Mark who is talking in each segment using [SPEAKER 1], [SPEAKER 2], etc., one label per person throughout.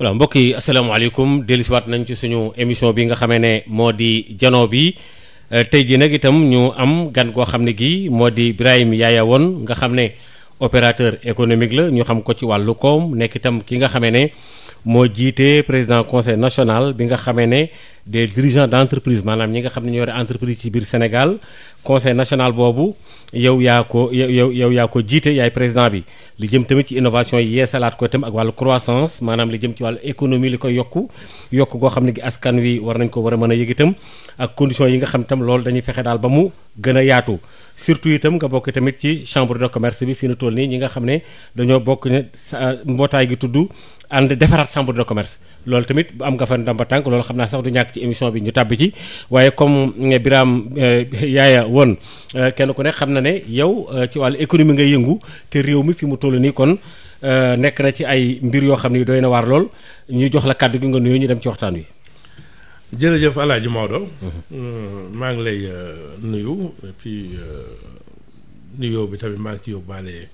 [SPEAKER 1] voilà mbokk yi asalaamaaleykum dellusiwaat nañ ci suñu émission bi nga xamee ne moo di jano bi euh, tey jii nag itam ñu am gan goo xam ne gii moo di Birahim Yaya Wane nga xam ne opérateur économique la ñu xam ko ci wàllu koom nekk itam ki nga xamee ne moo jiite président conseil national bi nga xamee ne des dirigeants d'entreprise maanaam ñi nga xam ne ñoo yore entreprise ci biir Sénégal conseil national boobu yow yaa ko yow yow yaa ko jiite yaay président bi li jëm tamit ci innovation yee salaat ko itam ak wàllu croissance maanaam li jëm ci wàllu économie li koy yokku yokk goo xam ne gi askan wi war nañ ko war a mën a yëg itam ak conditions yi nga xam itam loolu dañuy fexe daal ba mu gën a yaatu surtout itam nga bokk tamit ci chambre de commerce bi fi nu toll nii ñi nga xam ne dañoo bokk ne gi tudd ànd defaraat chambre de commerce loolu tamit am nga fa ndamba ci émission bi ñu tàbbi ci waaye comme eh, Birame eh, Yaaya woon eh, kenn ku ne xam na ne yow ci wàllu économie ngay yëngu te réew mi fi mu toll nii kon nekk na ci ay mbir yoo xam ne doy na waar lool ñu jox la kàddu gi nga nuyoo ñu dem ci waxtaan wi. jërëjëf
[SPEAKER 2] El Hadj Maodo. Mhm. Mm, maa ngi lay nuyu et puis nuyoo bi tamit maa ngi ci yóbbaale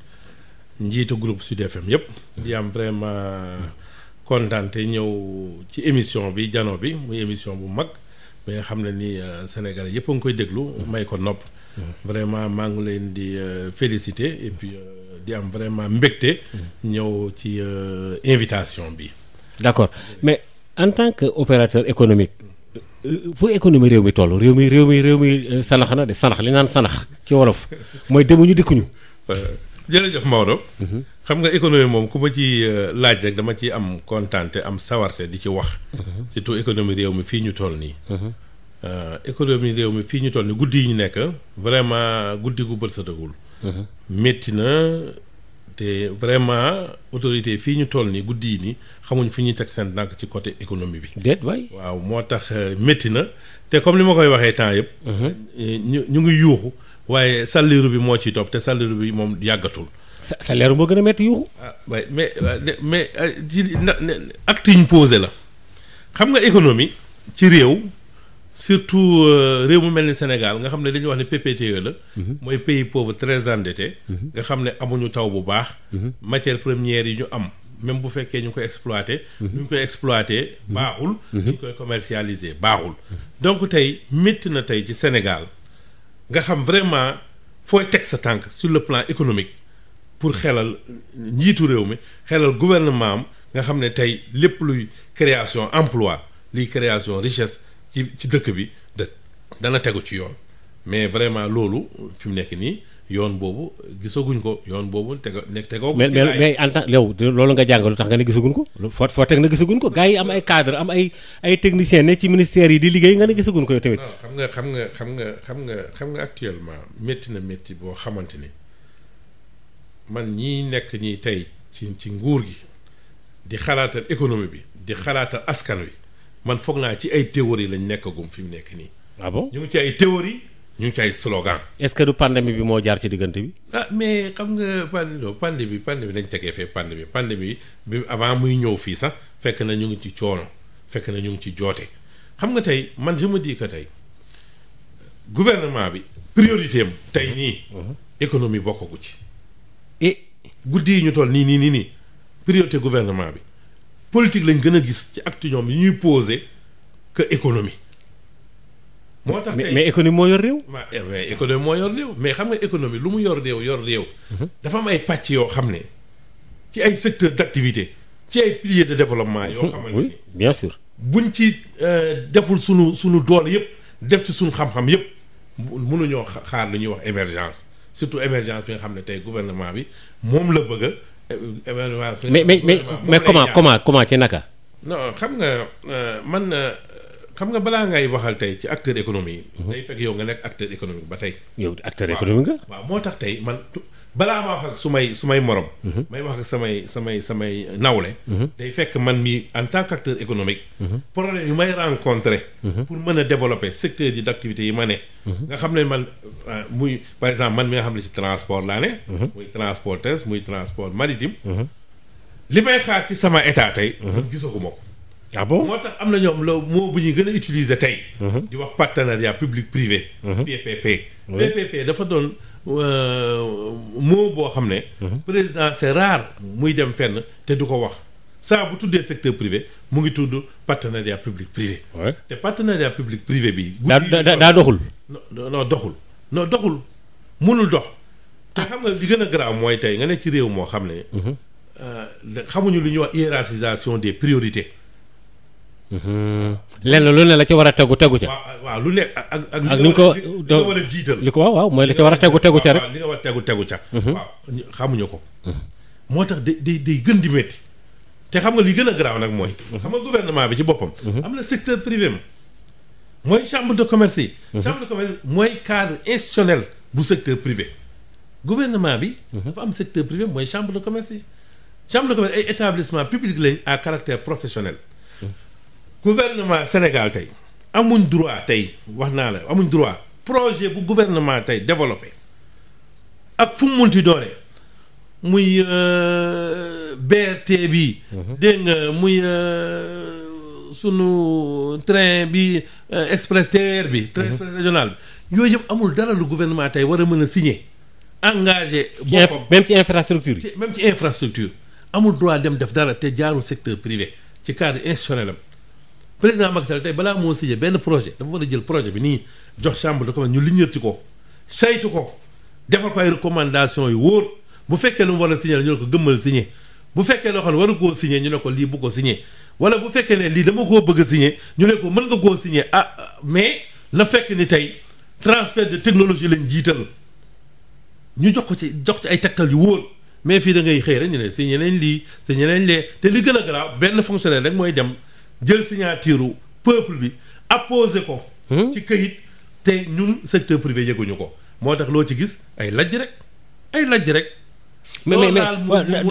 [SPEAKER 2] njiitu groupe Sud FM yëpp. Mhm. di am vraiment. Mhm. kontaan ñëw ci émission bi jano bi muy émission bu mag bi nga xam ne ni euh, Sénégalais yëpp a ngi koy déglu. may ko nopp. vraiment maa ngi leen di euh, féliciter et puis euh, di am vraiment mbégte. ñëw ci invitation bi.
[SPEAKER 1] d'accord mais en tant que opérateur économique. fu économie réew mi tollu réew mi réew mi réew mi sanax na de sanax li naan sanax ci wolof mooy demuñu dikkuñu. jërëjëf Maodo. Mhm. xam nga économie moom ku ma ci euh, laaj rek dama ci am kontaan
[SPEAKER 2] te am sawarte di ci wax. Mhm. surtout économie réew mi fii ñu toll nii. Mhm. Euh, économie réew mi fii ñu toll nii guddi yi ñu nekk vraiment guddi gu bët métti na te vraiment autorité fii ñu toll nii guddi yi nii xamuñ fi ñuy teg seen nakk ci côté économie bi. waaw moo tax euh, métti na te comme li ma koy waxee temps yëpp. ñu ñu ngi yuuxu. waaye salaire bi moo ciy topp te salaire bi moom yàggatul. sa salaire moo gën a métti yu. ah mais euh, mais euh, ci na acte la xam nga économie ci réew surtout euh, réew mu mel ni Sénégal nga xam ne dañuy wax ne PPTE la. Mhm. mooy pays pauvre très endetté. Mhm. nga xam ne amuñu taw bu baax. Mhm. matière première yi ñu am. même bu fekkee ñu koy exploité. ñu ngi koy exploité baaxul. ñu ngi koy commercialisé baaxul. donc tey métti na tey ci Sénégal. nga xam vraiment fooy teg sa tànk sur le plan économique pour xelal njiitu réew mi xelal gouvernement am nga xam ne tey lépp luy création emploi luy création richesse ci ci dëkk bi dana tegu ci yoon mais vraiment loolu fi mu nekk nii yoon boobu gisaguñ ko
[SPEAKER 1] yoon boobu tega nekk tegoo ko mais mais en tant yow nga jàngal tax nga ne gisaguñ ko foo foo teg na gisaguñ ko gars yi am ay cadre am ay ay technicien ne ci ministère yi di liggéey nga ne gisaguñ ko yow tamit
[SPEAKER 2] xam nga xam nga xam nga xam nga xam nga actuellement métti na métti boo xamante ne man ñi nekk ñi tey ci ci nguur gi di xalaatal économie bi di xalaatal askan wi man foog naa ci ay théorie lañ nekkagum fi mu nekk nii ah bon ay théorie ñu ngi ci ay slogan. est-ce que du pandémie bi moo jaar ci diggante bi. ah mais xam nga pandémie pandémie pandémie dañ tegee fee pandémie pandémie bi avant muy ñëw fii sax fekk na ñu ngi ci coono fekk na ñu ngi ci joote xam nga tey man je me dis que tey gouvernement bi priorité tey nii. Uh-huh. économie bokk bokkagu ci. et guddi yi ñu toll nii nii nii nii priorité gouvernement bi politique lañ gën a gis ci acte ñoom yi ñuy posé que économie. moo tax tey mais économie moo yor réew. Eh moo yor réew mais xam nga économie lu mu yor réew yor réew. Mhm. dafa am ay pàcc yoo xam ne ci ay secteurs d'activité ci ay piliers de développement. yoo mhm. xamante ni oui bien sûr. buñ ci euh, deful sunu sunu dool yëpp def ci sunu xam-xam yëpp mënuñoo xaar lu ñuy wax émergence surtout émergence bi nga xam ne tey gouvernement bi moom la bëgg a. Euh, émergence mais mais mais comment
[SPEAKER 1] comment comment ci naka.
[SPEAKER 2] non xam nga euh, man. xam nga balaa ngay waxal tey ci acteur économie yi. Mhm. day fekk yow nga nekk acteur économique ba tey. yow acteur économique nga. waaw moo tax tey man balaa ma wax ak su may su may morom. Mhm. may wax ak samay samay samay nawle. Mhm. day fekk man mi en tant acteur économique. problème yu may rencontrer. pour mën a développer secteur yi d'activité yi ma ne. nga xam ne man euh, muy par exemple man mi nga xam ne si transport laa ne. muy transporteur muy transport maritime. li may xaar ci sama état tey. gisaguma ko. ah bon moo tax am na ñoom moo bu ñuy gën a utiliser tey. Mhm. di wax partenariat public privé. PPP. Mhm. dafa doon euh, moo boo xam ne. Mhm. président c'est rare muy dem fenn te du ko wax saa bu tuddee secteur privé mu ngi tudd partenariat public privé. te partenariat public privé bi. daa daa doxul. non doxul non doxul mënul dox. te ah. xam nga li gën a garaaw mooy tey nga ne ci réew moo xam ne. Euh, xamuñu lu ñuy wax hiérarchisation des priorité
[SPEAKER 1] lenn lu ne la ci war a tegu tegu ca.
[SPEAKER 2] waaw lu ne ak ak ko li nga war
[SPEAKER 1] li ko waaw mooy la ci war a tegu tegu ca rek. li nga war
[SPEAKER 2] a mhm. xamuñu ko. moo tax day day day gën di métti. te xam nga li gën a garaaw nag mooy. Mhm. xam nga gouvernement bi ci boppam. Mhm. am na secteur privé am. mooy chambre de commerce yi. chambre de commerce mooy cadre institutionnel bu secteur privé. gouvernement bi. dafa secteur privé mooy chambre de commerce yi. chambre de commerce ay établissement public lañ à caractère professionnel. gouvernement Sénégal tey amuñ droit tey wax naa la amuñ droit projet bu gouvernement tey développé ak fu mu munti doone muy euh, BRT bi. Mhm. dégg nga muy euh, sunu train bi euh, express TER bi. train mhm. express régional bi yooyu yëpp amul dara lu gouvernement tey war a mën a signer engagé. boppam même ci infrastructure yi. même ci infrastructure amul droit dem def dara te jaarul secteur privé ci cadre institutionnel am. président Macky Sall tey balaa moo siñe benn projet dafa war a jël projet bi nii jox chambre de commerce ñu liggéeyati ko saytu ko defal ko ay recommandation yu wóor bu fekkee lu mu war a signé ñu ne ko gëmmal siñe bu fekkee loo xam ne waru koo signé ñu ne ko lii bu ko signé wala bu fekkee ne lii dama koo bëgg a ñu ne ko mën nga koo signé ah mais na fekk ni tey transfert de technologie lañ jiital ñu jox ko ci jox ci ay tegtal yu wóor mais fii da ngay xëy ñu ne signé nañ lii signé nañ lee te li gën benn fonctionnaire rek mooy dem. jël signature peuple bi apposé ko. Hmm? ci këyit te ñun secteur privé yëguñu ko moo tax loo ci gis ay lajj rek ay lajj rek.
[SPEAKER 1] mais mais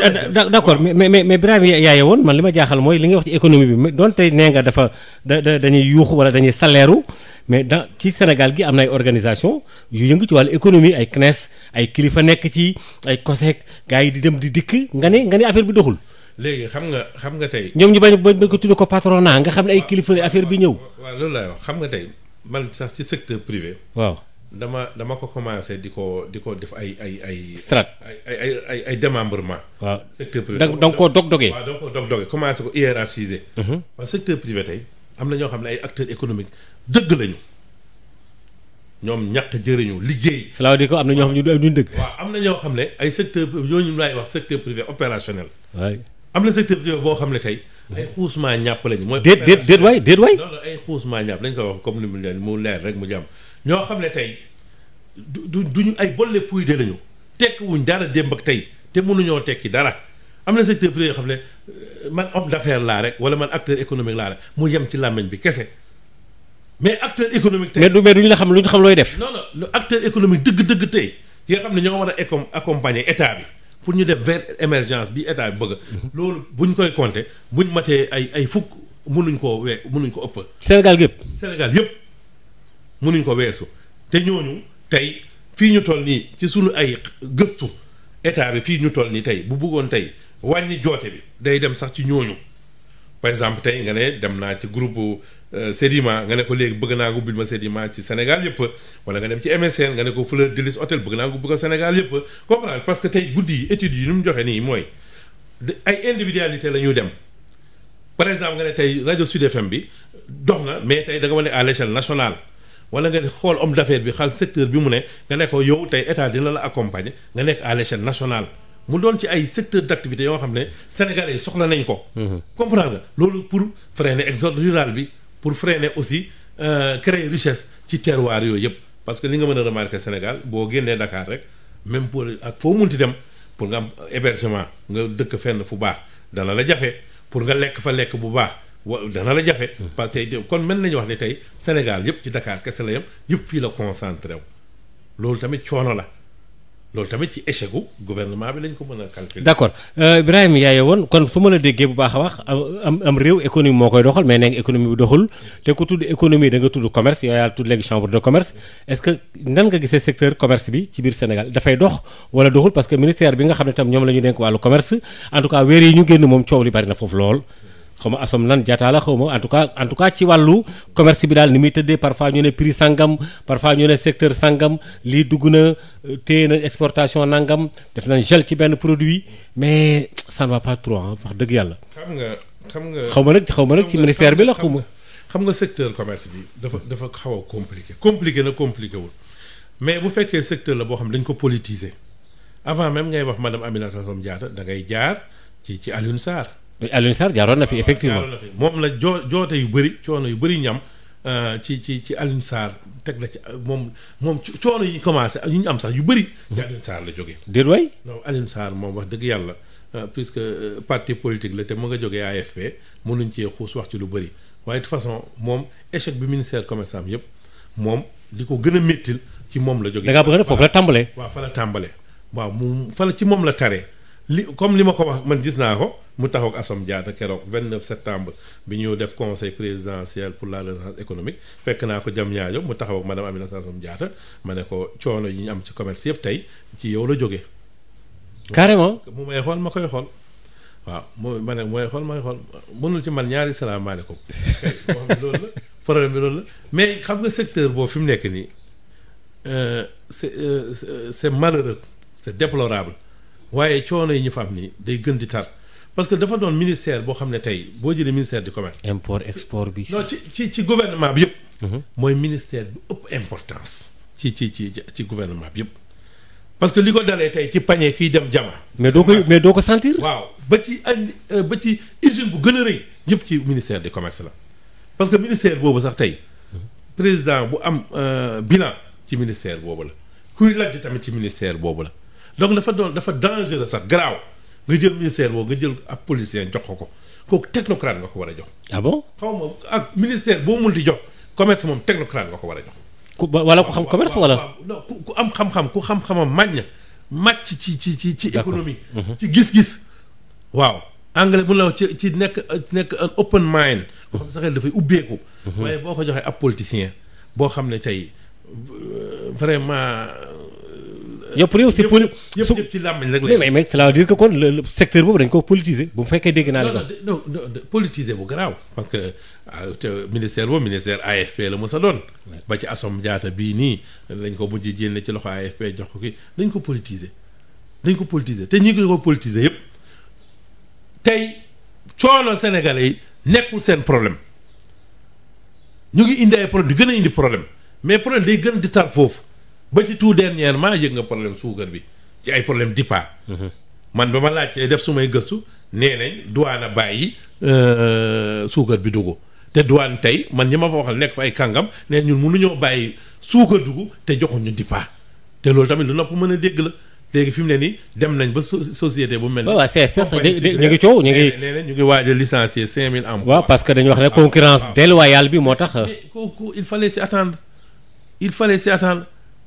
[SPEAKER 1] mais d'accord mais mais mais Birame yaaye woon man li ma jaaxal mooy li nga wax ci économie bi donte nee nga dafa da da dañuy yuuxu wala dañuy saleeru mais dans ci Sénégal gi am na ay organisation yu yëngu ci wàllu économie ay CNES ay kilifa nekk ci ay COSEC gars yi di dem di dikk nga ne nga ne affaire bi doxul.
[SPEAKER 2] léegi xam nga xam nga tey. ñoom ñu bañ
[SPEAKER 1] bañ ko tudd ko naa nga xam ne ay kilifa affaire bi ñëw.
[SPEAKER 2] waaw loolu laay wax xam nga tey man sax ci secteur privé. waaw dama dama ko commencé di ko di ko def ay ay ay. strat ay ay ay ay démembrement. waaw secteur privé da nga koo dog dogee. waaw da nga koo dog commencé ko hiérarchiser. Mhm. parce que secteur privé tey am na ñoo xam ne ay acteurs économique dëgg lañu. ñoom ñaq jëriñu liggéey. cela veut dire am na ñoo xam ne ñu duñ am na ñoo xam ne ay secteur yooyu ñu laay wax secteur privé opérationnel. waay am na secteur privé boo xam ne tey ay xuusmaa ñàpp lañu mooy déet déet déet waay déet waay non ay xuusmaa ñàpp lañ koy wax comme ni mu leen mu leer rek mu jàmm ñoo xam ne tey du du duñu ay bolle puy de lañu tekk wuñ dara démb ak tey te mënuñoo tekki dara am na secteur privé yoo xam ne euh, man homme d'affaires laa rek wala man acteur économique laa rek mu yem ci làmmiñ bi kese mais acteur économique tey mais du mais la xam lu ñu xam looy def non non acteur économique dëgg-dëgg tey yi nga xam ne ñoo war a accompagner état bi pour ñu def vers émergence bi état bi bëgg. loolu bu ñu koy compter buñ matee ay ay fukk mënuñ koo we mënuñ ko ëpp. Sénégal yëpp. Sénégal yëpp mënuñ ko weesu te ñooñu tey fii ñu toll nii ci suñu ay gëstu état bi fii ñu toll nii tey bu bëggoon tey wàññi joote bi day dem sax ci ñooñu par exemple tey nga ne dem naa ci groupe. Euh, Sedima nga ne ko léegi bëgg naa ko ubbil ma Sedima ci Sénégal yëpp wala nga dem ci MSN nga ne ko Fleur de Lys hôtel bëgg naa ko ubbi Sénégal yëpp comprendre parce que tey guddi yi études yi ni mu joxe nii mooy ay individualité la ñuy dem par exemple nga ne tey rajo Sud FM bi dox na mais tey da nga wane à l'échelle nationale wala nga xool homme d'affaires bi xal secteur bi mu ne nga ne ko yow tey état dina la accompagner nga nekk à l'échelle nationale mu doon ci ay secteur d'activité yoo xam ne sénégalais soxla nañ ko mm-hmm. comprendre rural bi pour freiner aussi euh, créer richesse ci terroir yooyu yëpp parce que li nga mën a remarquer Sénégal boo génnee Dakar rek même pour ak foo mun munti dem pour nga am hébergement nga dëkk fenn fu baax dana la jafe pour nga lekk fa lekk bu baax wa dana la jafe. Hmm. parce que kon mën nañu wax ne tey Sénégal yëpp ci dakaar kese la yem yëpp fii la concentré wu loolu tamit coono la. loolu tamit ci échec gu gouvernement bi lañ ko mën a calculer. d'accord
[SPEAKER 1] euh, Ibrahima Yaya woon kon su ma la déggee bu baax a wax am am réew économie moo koy doxal mais nee nga bi doxul te ku tudd économie da nga tudd commerce yow yaa tudd léegi chambre de commerce est-ce que nan nga gisee secteur commerce bi ci biir Sénégal dafay dox wala doxul parce que ministère bi nga xam ne tam ñoom la ñu denk wàllu commerce en tout cas weer yi ñu génn moom coow li xaw ma asom lan jaataa la xaw ma en tout cas en tout cas ci wàllu commerce bi daal ni muy tëddee parfois ñu ne prix sangam parfois ñu ne secteur sangam lii dugg na euh, téye na exportation nangam def nañ gel ci benn produit mais ça ne va pas trop ah wax dëgg yàlla. xam nga xam nga xaw ma nag xaw ma nag ci ministère bi la xaw ma.
[SPEAKER 2] xam nga secteur commerce bi dafa dafa xaw a compliqué compliqué na compliqué wul mais bu fekkee secteur la boo xam ne dañ ko politiser avant même ngay wax madame Aminata Assome Diatta da ngay jaar ci ci Alioune Sarr. Eh, Alioune Sarr jaaroon na fi ah, effectivement moom la joo joote yu bëri coono yu bëri ñam euh, ci ci ci Alioune teg la ci euh, moom moom coono yi commencé ñu ñu am sax yu bëri. ci Alioune la jóge déet waay non Alioune Sarr moom wax dëgg yàlla euh, puisque parti politique la te mu nga jógee AFP mënuñ cee xuus wax ci lu bëri waaye de façon moom échec bi ministère commerce am yëpp moom di ko gën a méttil ci moom la jógee. da ngaa bëgg foofu la tàmbalee. waa fa la tàmbalee waaw mu fa la ci moom la taree. li comme li ma ko wax man gis naa ko mu taxaw ak jaata Diatta keroog 29 septembre bi ñu def conseil présidentiel pour la relance économique fekk naa ko jam ñaajo mu taxaw ak madame Aminata Assome Diatta ma ne ko coono yi ñu am ci commerce yëpp tey ci yow la jóge carrément mu may xool ma koy xool. waaw mooy ma ne mooy xool mooy xol mënul ci man ñaari salaamaaleykum loolu la problème bi loolu la mais xam nga secteur boobu fi mu nekk nii euh, euh, c'est c'est malheureux c'est déplorable waaye coono yi ñu fa am ni day gën di tar parce que dafa doon ministère boo xam ne tey boo jëlee ministère du commerce. import export bi. non ci ci ci gouvernement bi yëpp. Mhm. mooy ministère bi ëpp importance. ci ci ci ci gouvernement bi yëpp parce que li ko dalee tey ci pañe kiy dem jama. mais doo ko mais doo ko sentir. waaw ba ci euh, ba ci bu gën a rëy yëpp ci ministère du commerce la parce que ministère boobu sax tey président bu am euh, bilan ci ministère boobu la kuy laaj tamit ci ministère boobu la. donc dafa doon dafa dangereux sax garaaw nga jël ministère boobu nga jël ab policier jox ko ko kooku technocrate nga ko war a jox. ah bon xaw ma ak ministère boo mun di jox commerce moom technocrate nga ko war a jox. ku wala ku xam commerce wala. non ku am xam-xam ku xam-xamam màññ màcc ci ci ci ci économie. Mm-hmm. ci gis-gis waaw. anglais mun la ci ci nekk nekk un open mind. xam sa xel dafay ubbeeku. Mm-hmm. waaye boo ko joxee ab politicien boo xam ne tey
[SPEAKER 1] euh, vraiment. yëpp réew c'est poli yëpp ci làmmiñ rek la mais ko politiser bu fekkee dégg naa la non non bu
[SPEAKER 2] garaaw parce que euh, te ministère boobu ministère AFP la mos a doon ba ci asom jaata bii nii lañ ko mujj jénne ci loxo AFP jox ko kii dañ ko politiser dañ ko politiser te ñi ko politiser yëpp tey coono Sénégalais yi nekkul seen problème ñu ngi indi ay problème di gën a indi problème mais problème day gën di tar foofu ba ci tout dernièrement yëg nga problème suukar bi ci ay problème dipa mhm. man ba ma laajtee def su may gëstu nee nañ duwaan a bàyyi euh, suukar bi dugg te duwaan tey man ñi ma fa wax nekk fa ay kàngam ne ñun nu mënuñoo bàyyi suukar dugg te joxuñu dipa te loolu tamit lu nopp mën a dégg la léegi fi mu ne nii dem nañ ba
[SPEAKER 1] société bu mel. waaw ñu ngi coow ñu ngi. nee na ñu ngi waaj a licencier 5000 emplois. waaw parce que dañu wax rek ah, concurrence ah, ah. déloyale bi moo tax.
[SPEAKER 2] kooku il fallait s'y attendre il fallait s'y attendre.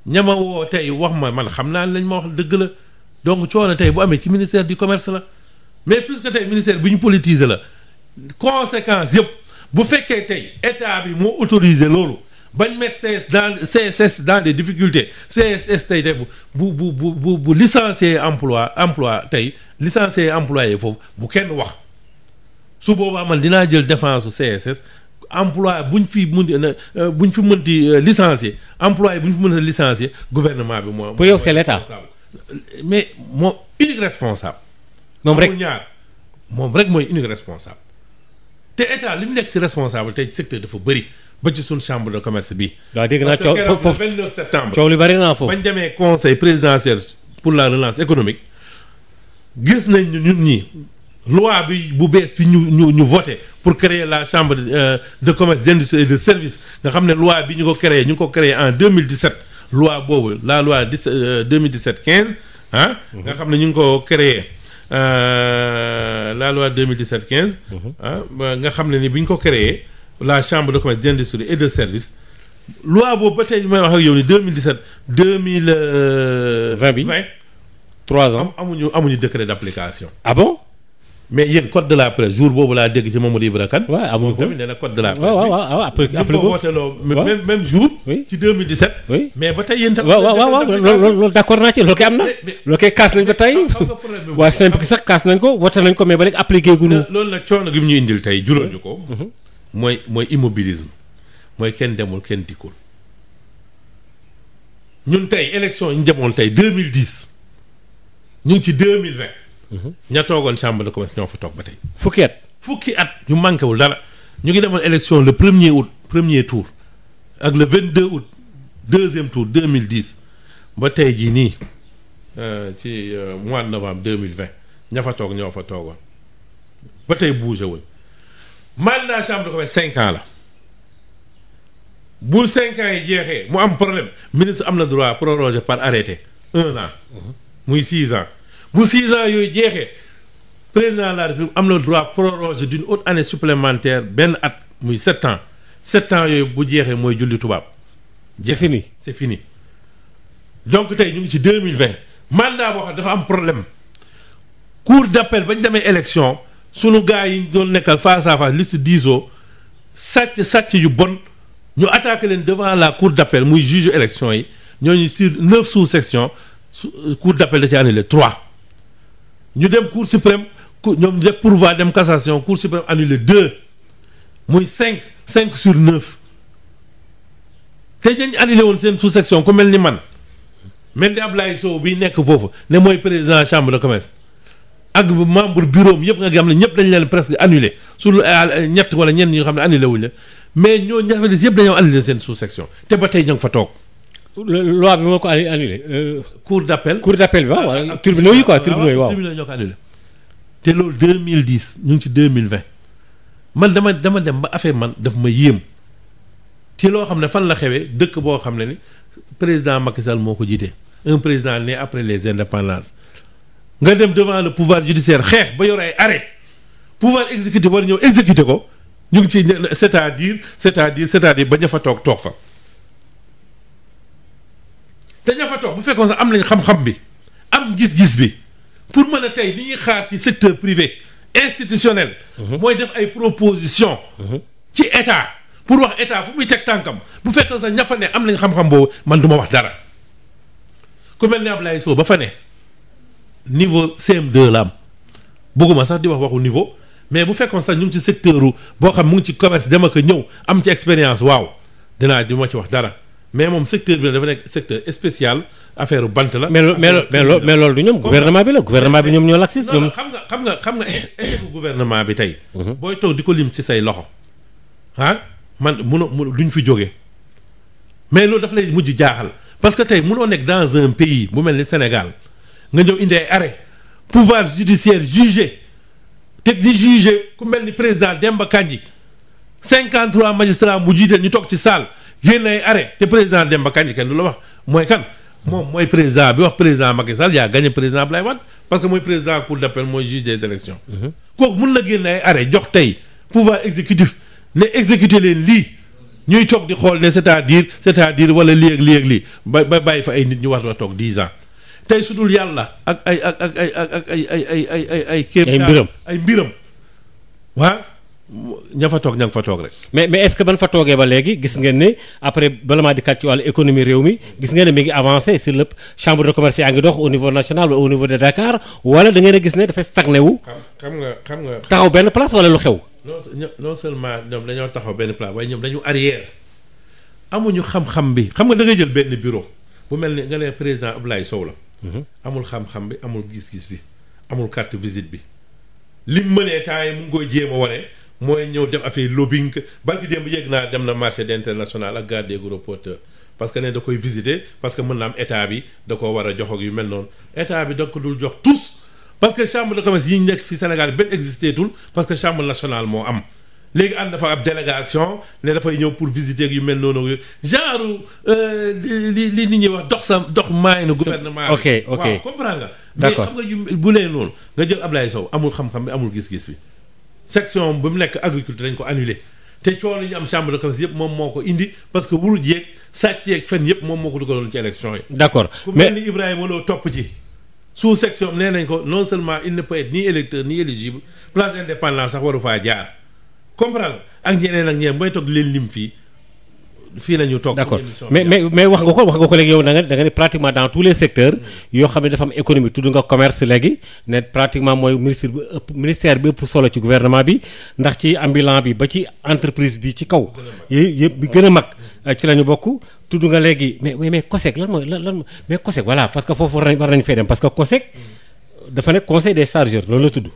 [SPEAKER 2] ñama tey wax ma man xam naa lañ ma wax dëgg la donc coono tey bu amee ci ministère di commerce la mais puisque tey ministère bi ñu politiser la conséquence yëpp bu fekkee tey état bi moo autoriser loolu bañ mettre CS dans CSS dans des difficultés CSS tey tey bu bu bu bu bu licencier emploi emploi tey licencier employé foofu bu kenn wax su boobaa man dinaa jël défense su CSS emploi bu ñu fi mun bu ñu fi mënti euh, licencier employé bu ñu fi mën a licencier gouvernement bi moo. pour yow c'est l'état mais moom responsable. moom rek ñaar moom rek mooy unique responsable. te état li mu nekk ci responsable te secteur dafa bëri ba ci suñ chambre de commerce bi. waaw dégg naa coow foofu 29 septembre coow demee conseil présidentiel pour la relance économique gis nañ ñun ñii. loi bi bu bees bi ñu ñu ñu voté pour créer la chambre euh, de commerce d'industrie et de service nga xam ne loi bi ñu ko créé ñu ngi ko créé en 2017 loi boobu la loi 2017 15 ah. nga xam ne ñu ngi ko créé euh, la loi 2017 15. ah nga xam ne ni bi ñu ko créé la chambre de commerce d'industrie et de service. loi boobu ba tey may wax ak yow ni 2017 2020 euh, bi 3 ans amuñu amuñu décret d'application. ah bon. mais yéen code de la presse jour boobu laa dégg ci moom nee
[SPEAKER 1] na code de la presse. waaw waaw après après ko même même jour. oui ci 2017. oui mais ba tey waa simple sax ko wote nañ ko mais ba appliqué loolu
[SPEAKER 2] nag coono gi mu ñu indil tey jural ñu ko. Mhm. mooy mooy immobilisme mooy kenn demul kenn dikkul ñun tey élection yi ñu demoon tey 2010 ñu ngi ci 2020. Mm-hmm. ña toogoon chambre de commerce ñoo fa toog ba tey. fukki at fukki at ñu manqué wul dara ñu ngi demoon élection le premier août premier tour ak le 22 août deuxième tour 2010 ba tey jii nii euh, ci euh, mois de novembre 2020 ña fa toog ñoo fa toogoon ba tey bougé wul mandat chambre de commerce cinq ans la bu cinq ans yi jeexee mu am problème ministre am na droit proroger par arrêté un an mm-hmm. muy six ans. bu six ans yooyu jeexee président la république am na droit proroger d'une autre année supplémentaire benn at muy sept ans sept ans yooyu bu jeexee mooy julli tubaab. c'est fini c'est fini donc tey ñu ngi ci deux mille vingt mandat boo xam dafa am problème cour d'appel ba ñu demee élection sunu gars yi ñu doon nekkal face à face liste diisoo sàcc sàcc yu bon ñu attaqué leen devant la cour d'appel muy juge élection yi ñoo ñooñu sur neuf sous-sections su euh, cour d'appel da ci annulé trois. ñu dem cour suprême ku ñoom def pourvoi dem cassation cour suprême annulé deux muy cinq cinq sur neuf te dañ annulé woon seen sous section ku mel ni man mel ni Ablaye Sow bi nekk foofu ne mooy président chambre de commerce ak membre bureau am yëpp nga xam ne ñëpp dañ leen presque annulé su euh, euh, ñett wala ñenn ñi nga xam ne annulé wuñ la mais ñoo ñax yëpp dañoo annulé seen sous section te ba tey ña nga fa toog.
[SPEAKER 1] loi bi moo ko annulé. Euh, cour d' appel cour d' appel bi waaw tribunaux yi quoi tribunaux yi waaw tribunaux ñoo ko annulé
[SPEAKER 2] te loolu 2010 ñu ngi ci 2020 man dama dama dem ba affaire man daf ma yéem ci loo xam ne fan la xewee dëkk boo xam ne ni président Macky Sall moo ko jiite un président né après les indépendances nga dem devant le pouvoir judiciaire xeex ba yor ay arrêt pouvoir exécutif war ñëw exécuter ko ñu ngi ci c'est-à-dire c'est-à-dire c'est-à-dire bañ a fa toog toog fa. te ña fa toog bu fekkoon sax am nañ xam-xam bi am gis-gis bi pour mën a tey li ñuy xaar ci secteur privé institutionnel. Mhm. mooy def ay proposition mhm. ci état pour wax état fu muy teg tànkam bu fekkoon sax ña fa ne am nañ xam-xam boobu man duma wax dara ku mel ne Ablaye Sow ba fa ne niveau CM2 la am bëgguma sax di wax waxu niveau mais bu fekkoon sax ñu ngi ci secteur boo xam mu ngi ci commerce dem ak ñëw am ci expérience waaw dinaa di ma ci wax dara. mais moom secteur bi dafa nekk secteur spécial affaire bant la. mais loolu mais loolu du ñoom gouvernement
[SPEAKER 1] bi la gouvernement bi ñoom ñoo laxis. ñoom
[SPEAKER 2] xam nga xam nga xam nga échec eh, eh, bi tey. Mhm. booy toog di ko lim ci say loxo ah man munoo mun ñu fi jóge mais loolu daf lay mujj jaaxal parce que tey munoo nekk dans un pays bu mel ni Sénégal nga ñëw indi ay arrêt pouvoir judiciaire jugé teg di jugé ku mel ni président Demba Kandji 53 magistrats mu jiite ñu toog ci salle. génn ay arrêt te président Demba Kandji kenn du la wax mooy kan moom mooy président bi wax président Macky Sall yaa gagné président Abdoulaye Wade parce que mooy président cour d'appel mooy juge des élections mhm. kooku mun na génn ay arrêt jox tey pouvoir exécutif ne exécuter leen lii ñuy toog di xool ne c'est-à-dire c'est-à-dire wala lii ak lii ak ba ba bàyyi fa ay nit ñu war la toog 10 an tey su dul yàlla ak ay ak ay ay ay
[SPEAKER 1] ay ay ay ay ay ay ay mbiram ña fa toog ña nga fa toog rek. mais mais est-ce que fa toogee ba léegi gis ngeen ne après a maa dikkaat ci wàllu économie réew mi gis ngeen ne mi ngi avancé sur lépp chambre de commerce yaa ngi dox au niveau national au niveau de Dakar wala da a gis ne dafay stagné wu. xam nga xam nga. taxaw benn place wala lu xew.
[SPEAKER 2] non non seulement ñoom
[SPEAKER 1] xam-xam bi xam nga da ngay jël
[SPEAKER 2] benn biro bu mel ni nga ne président Abdoulaye Sow la. Mhm. amul xam-xam bi amul gis-gis bi amul carte visite bi lim mënee temps yi mu ngi koy jéem a wane mooy ñëw def affaire lobbying barki démb yegg naa dem na marché international ak garde des gros parce que ne da koy visiter parce que mën na am état bi da ko war a jox yu mel noonu état bi da ko dul jox tous parce que chambre de commerce yi ñu nekk fi Sénégal benn existé tul parce que chambre nationale moo am léegi ànd dafa ab délégation ne dafay ñëw pour visiter ak yu mel noonu ak genre euh, li li nit ñi wax dox sa dox maay na gouvernement ok ok waaw comprendre nga d'accord mais xam bu lee noonu nga jël Ablaye Sow amul xam bi amul gis-gis bi section ba mu nekk agriculture nañ ko annulé te coono ñu am chambre de commerce yëpp moom moo ko indi parce que wuruj yeeg sàcc yeeg fen yëpp moom moo ko dugaloon ci élection yi.
[SPEAKER 1] d'accord mais
[SPEAKER 2] ku mel ni ci. sous section nee nañ ko non seulement il ne peut être ni électeur ni éligible place indépendance sax waru faa jaar comprendre ak ñeneen ak ñeneen mooy toog leen lim fii. fii la ñu toog d'accord mais mais
[SPEAKER 1] mais wax nga ko wax nga ko léegi yow da nga pratiquement dans tous les secteurs yoo xam ne dafa am économie tudd nga commerce léegi ne pratiquement mooy ministre bi ëpp solo ci gouvernement bi ndax ci ambulant bi ba ci entreprise bi ci kaw yooyu yëpp bi gën a mag euh, ci la bokk tudd nga léegi mais mais COSEC lan parce que foofu war nañ fee dem parce que COSEC dafa nekk conseil des chargeurs loolu la tudd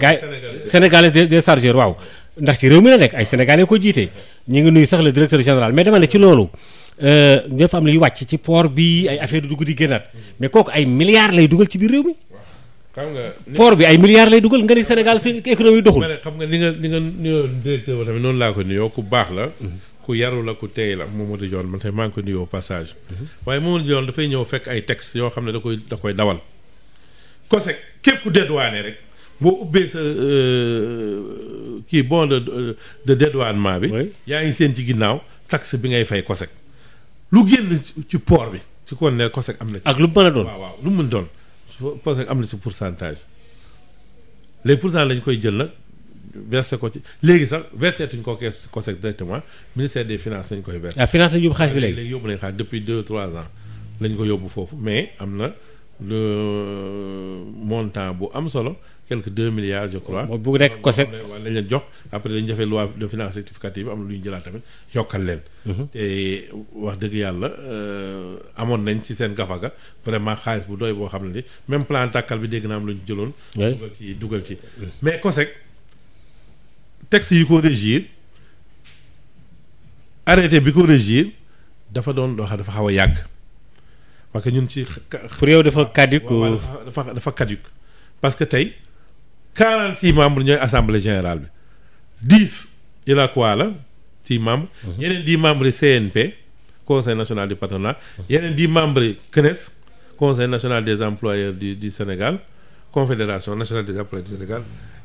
[SPEAKER 1] gaay sénégalais des chargeurs waaw ndax ci réew mi la nekk ay sénégalais ko jiite ñu ngi nuyu sax le directeur général mais dama ne ci loolu euh, dafa am yu wàcc ci port bi ay affaire dugg di génnaat mais kooku ay milliards lay dugal ci biir réew mi. xam nga port bi ay milliards lay dugal nga ni Sénégal seen économie doxul.
[SPEAKER 2] xam nga ni nga ni nga nuyoo directeur tamit noonu laa ko nuyoo ku baax la. ku yaru la ku teey la Momadou Dione man tey maa ngi ko nuyoo passage. waaye Momadou Dione dafay ñëw fekk ay textes yoo xam ne da koy da koy dawal. COSEC képp ku dédouané rek. boo ubbee sa euh, kii bon de de dédouanement bi. yaa ngi seen ci ginnaaw taxe bi ngay fay COSEC. lu génn ci port bi ci kon ne COSEC am na ci. ak lu mu doon waaw lu mu mën doon COSEC am na ci pourcentage les pourcent lañ koy jël nag versé ko ci léegi sax versé tuñ ko kees COSEC directement ministère de finance lañ koy versé. ah finance la ñu yóbbu xaalis bi léegi. léegi yóbbu nañ xaalis depuis deux trois ans lañ ko yóbbu foofu mais am na le montant bu am solo. quelque deux milliards je crois. mooy bu rek COSEC wala leen jox après dañu defee loi de finance rectificative bi am na lu ñu jëlaat mhm. wax dëgg yàlla euh, amoon nañ ci seen gafaga vraiment xaalis bu doy boo xam ne ni même plan tàkkal bi dégg naa am lu ñu jëloon. dugal ci dugal ci. mais COSEC texte ko régir arrêté bi dafa doon loo dafa xaw a yàgg parce que ñun ci. yow dafa caduc. dafa parce que tey. quarante six membre ñooy assemblée générale bi dix UNACOIS la six membres. Mhm. yeneen dix membres yi CNP conseil national du patronat. Mhm. yeneen di membres yi CNES conseil national des employeurs di du Sénégal confédération nationale des employeurs du Sénégal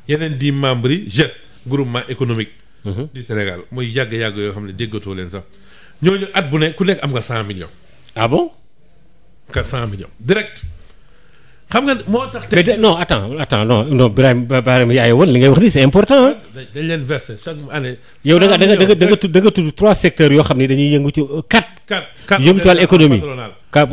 [SPEAKER 2] yeneen di membres yi GES groupement économique. Mhm. di Sénégal mooy yàgg yàgg yoo xam ne déggatoo leen sax ñooñu at bu ne ku nekk am nga cent millions. ah bon. nga cent direct. xam nga moo tax. tey mais non
[SPEAKER 1] attends attends non non li ngay wax ni c'est important ah.
[SPEAKER 2] dañ
[SPEAKER 1] yow da nga da nga trois secteurs yoo xam ne dañuy yëngu ci euh, quatre. quatre quatre yëngu ci wàllu économie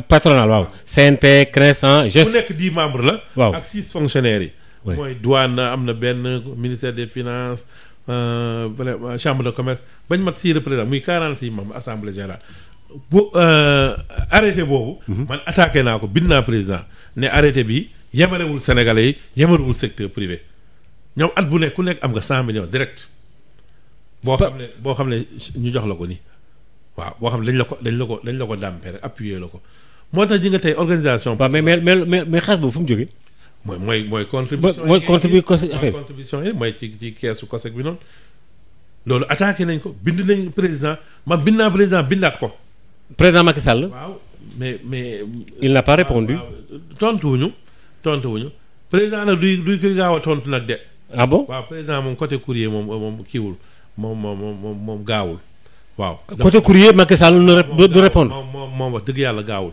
[SPEAKER 1] patronal waaw. CNP CRES GES. ku e e. nekk dix membres la. waaw ak six yi.
[SPEAKER 2] mooy douane am na benn ministère des finances. Euh, vraiment chambre de commerce bañ mat six représentants muy quarante six membres assemblée générale bu euh, boobu. Mhm. man attaqué naa ko bind naa président ne arrêté bi yemalewul Sénégalais yi yemalewul secteur privé ñoom at bu nekk ku nekk am nga cent millions direct. boo xam ne boo xam ne ñu jox la ko nii. waaw boo xam ne dañ la ko dañ la ko dañ la ko dàmpee rek la ko moo tax ji nga tey organisation. waaw mais mais mais mais xaalis boobu fu mu jógee. mooy mooy mooy. contribution mooy contribution yi mooy ci ci keesu COSEC bi noonu. loolu attaqué nañ ko bind nañ président man bind naa président bindaat ko. président Macky Sall. waaw mais mais. il n'a pas répondu. tontuwuñu tontuwuñu président nag duy duy koy gaaw a tontu nag de. ah bon waaw président moom côté courrier moom moom kiiwul moom moom moom moom gaawul. waaw côté courrier Macky Sall du répondre moom moom wax dëgg yàlla gaawul.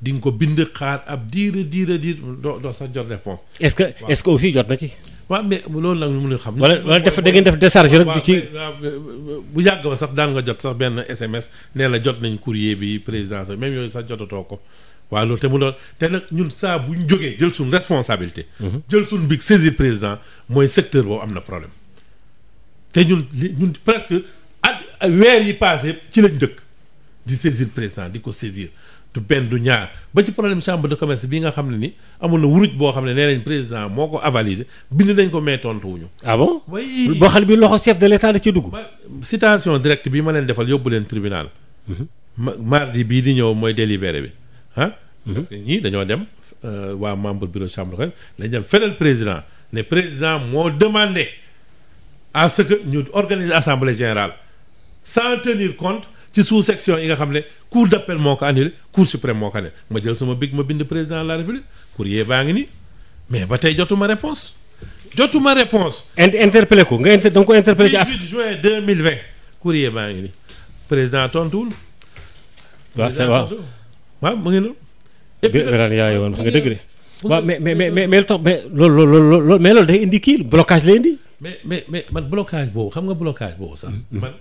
[SPEAKER 2] di nga ko bind xaar ab diir diir diir doo doo sax jot réponse est-ce que est-ce que aussi jot na ci. waaw mais loolu nag mun nga xam. wala wala def da ngeen def décharge rek. di bu yàgg ba sax daan nga jot sax benn SMS nee la jot nañ courrier bi présidence même yooyu sax jotatoo ko waaw loolu te mu doon te nag ñun saa bu ñu jógee jël suñ responsabilité. Mhm. jël suñ big saisir président mooy secteur boo am na problème. te ñun li ñun presque at weer yi passé ci lañ dëkk di saisir président di ko saisir. du benn du ñaar ba ci problème chambre de commerce bi nga xam ne ni amoon na wuruj boo xam ne nee nañ président moo ko avalisé bind nañ ko mais tontuwuñu ah bon boo xam ne bi loxo
[SPEAKER 1] chef de l'état da ci dugg
[SPEAKER 2] citation directe bi ma leen defal yóbbu leen tribunal mhm. mardi bii di ñëw mooy délibéré bi ah mhm. parce que ñii dañoo dem euh, waa membre bureau chambre de commerce dañ dem feneen président ne président moo demandé à ce que ñu organiser assemblée générale sans tenir compte ci sous section yi nga xam ne cour d'appel moo ko annulé moo ko annulé ma jël sama big ma bind président de la république courrier baa ngi nii mais ba tey jotuma réponse jotuma réponse
[SPEAKER 1] interpellé ko nga inter da nga ko interpellé ci 18
[SPEAKER 2] juin 2020 courrier baa ngi nii président tontuwul waaw c'est waaw waaw mu ngi noonu Birane yaa yoon wax nga dëgg de
[SPEAKER 1] waaw mais mais mais mais lu tax mais loolu loolu mais loolu day indi kii blocage lay indi
[SPEAKER 2] mais mais mais man blocage boobu xam nga blocage boobu sax mm-hmm. man